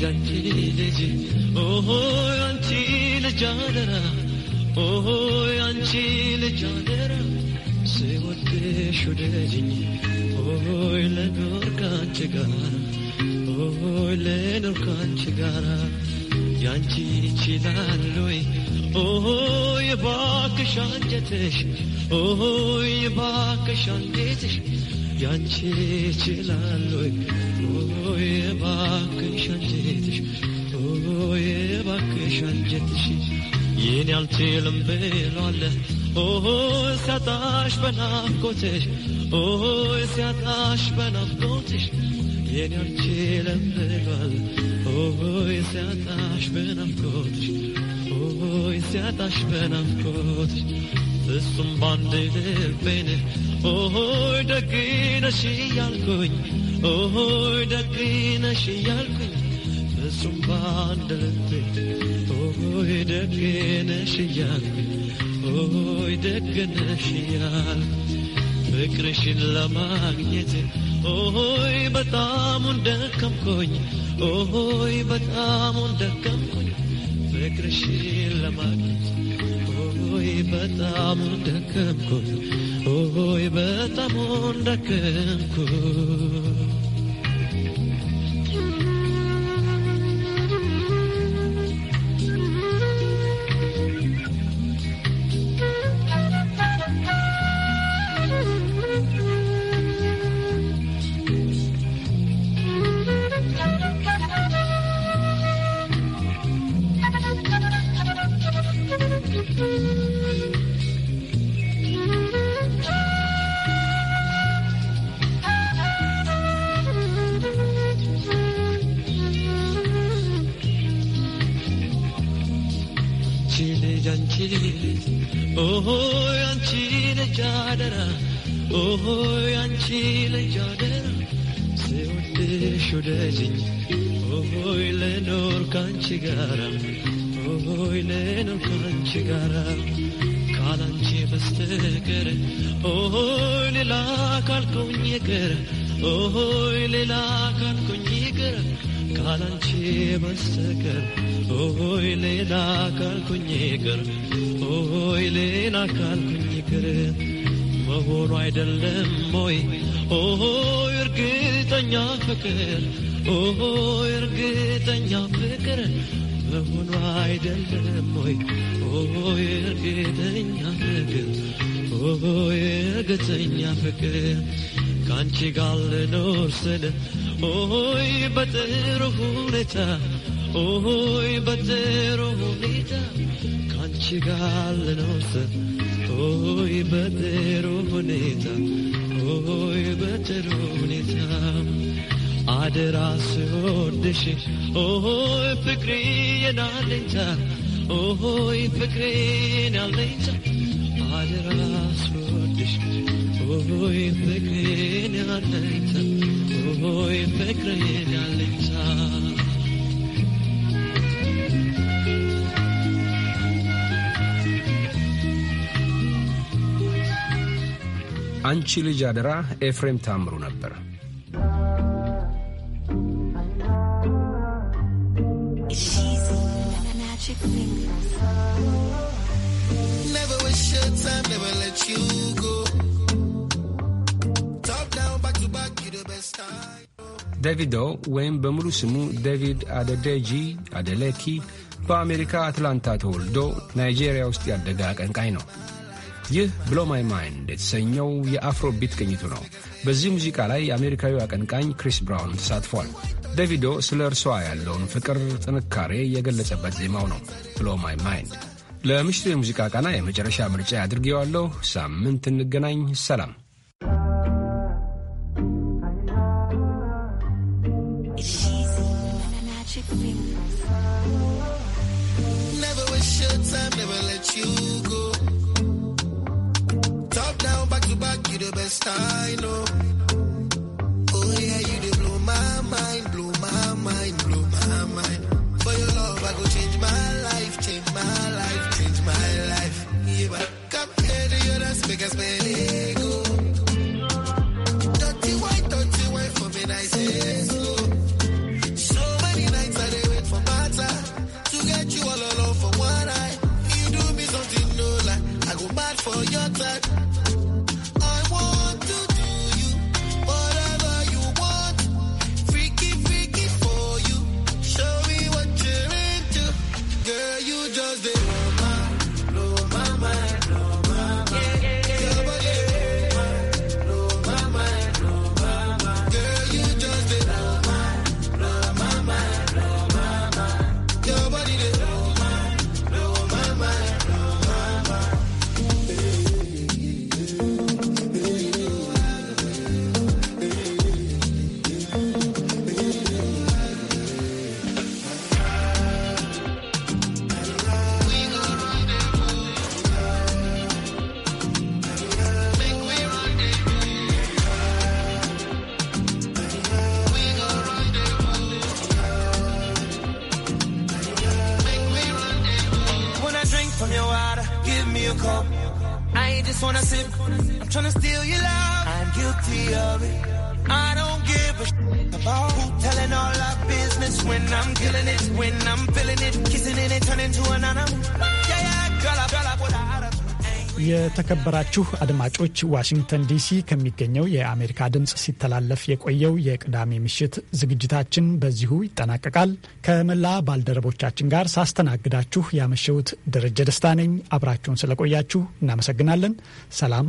ልጅ አንቺ ልጅ ኦሆ አንቺ ልጅ አደራ ኦሆ አንቺ ልጅ አደራ ስወድሽ ውደጅኝ ኦሆ ለኖር ካንቺ ጋራ ኦሆ ለኖር ካንቺ ጋራ ያንቺ ይችላል ወይ ኦሆ የባክሽ አንጀትሽ ኦሆ የባክሽ አንጀትሽ ያንቺ ይችላል ወይ ኦሆ የባክሽ አንጀትሽ ይሻል ጀትሽ ይህን ያልችልም ብሏለ ኦሆ ሲያጣሽ በናፍቆትሽ ኦሆ ሲያጣሽ በናፍቆትሽ ይህን ያልችልም ብሏል ኦሆ ሲያጣሽ በናፍቆትሽ ኦሆ ሲያጣሽ በናፍቆትሽ ፍጹም ባንድ ልቤን ኦሆይ ደግነሽ እያልኩኝ ኦሆይ ደግነሽ እያልኩኝ ሆይ ፍቅርሽን ለማግኘት ኦሆይ በጣሙን ደከምኩኝ ሆይ በጣሙን ደከምኩኝ ፍቅርሽን ለማግኘት ኦሆይ በጣሙን ደከምኩኝ ኦሆይ በጣሙን ደከምኩኝ ሆይ ሌላ ካልኩኝ ይቅር ካላንቺ በስተቀር ሆይ ሌላ ካልኩኝ ይቅር ሆይ ሌላ ካልኩኝ ይቅር መሆኑ አይደለም ሆይ ሆይ እርግጠኛ ፍቅር ሆይ እርግጠኛ ፍቅር መሆኑ አይደለም ሆይ ሆይ እርግጠኛ ፍቅር ሆይ እርግጠኛ ፍቅር ከአንቺ ጋር ልኖር ስል ኦሆይ በጥሩ ሁኔታ ኦሆይ በጥሩ ሁኔታ ከአንቺ ጋር ልኖር ስል ኦሆይ በጥሩ ሁኔታ ኦሆይ በጥሩ ሁኔታ አደራ ስወድሽ ኦሆይ ፍቅሬ የናለኝታ ኦሆይ ፍቅሬ ናለኝታ አደራ ስወድሽ አንቺ ልጅ አደራ ኤፍሬም ታምሩ ነበር። ዴቪዶ ወይም በሙሉ ስሙ ዴቪድ አደደጂ አደሌኪ በአሜሪካ አትላንታ ተወልዶ ናይጄሪያ ውስጥ ያደገ አቀንቃኝ ነው። ይህ ብሎ ማይ ማይንድ የተሰኘው የአፍሮ ቢት ቅኝቱ ነው። በዚህ ሙዚቃ ላይ አሜሪካዊው አቀንቃኝ ክሪስ ብራውን ተሳትፏል። ዴቪዶ ስለ እርሷ ያለውን ፍቅር፣ ጥንካሬ የገለጸበት ዜማው ነው ብሎ ማይ ማይንድ። ለምሽቱ የሙዚቃ ቃና የመጨረሻ ምርጫ አድርጌዋለሁ። ሳምንት እንገናኝ። ሰላም። Ay, no የተከበራችሁ አድማጮች ዋሽንግተን ዲሲ ከሚገኘው የአሜሪካ ድምፅ ሲተላለፍ የቆየው የቅዳሜ ምሽት ዝግጅታችን በዚሁ ይጠናቀቃል። ከመላ ባልደረቦቻችን ጋር ሳስተናግዳችሁ ያመሸሁት ደረጀ ደስታ ነኝ። አብራችሁን ስለቆያችሁ እናመሰግናለን። ሰላም፣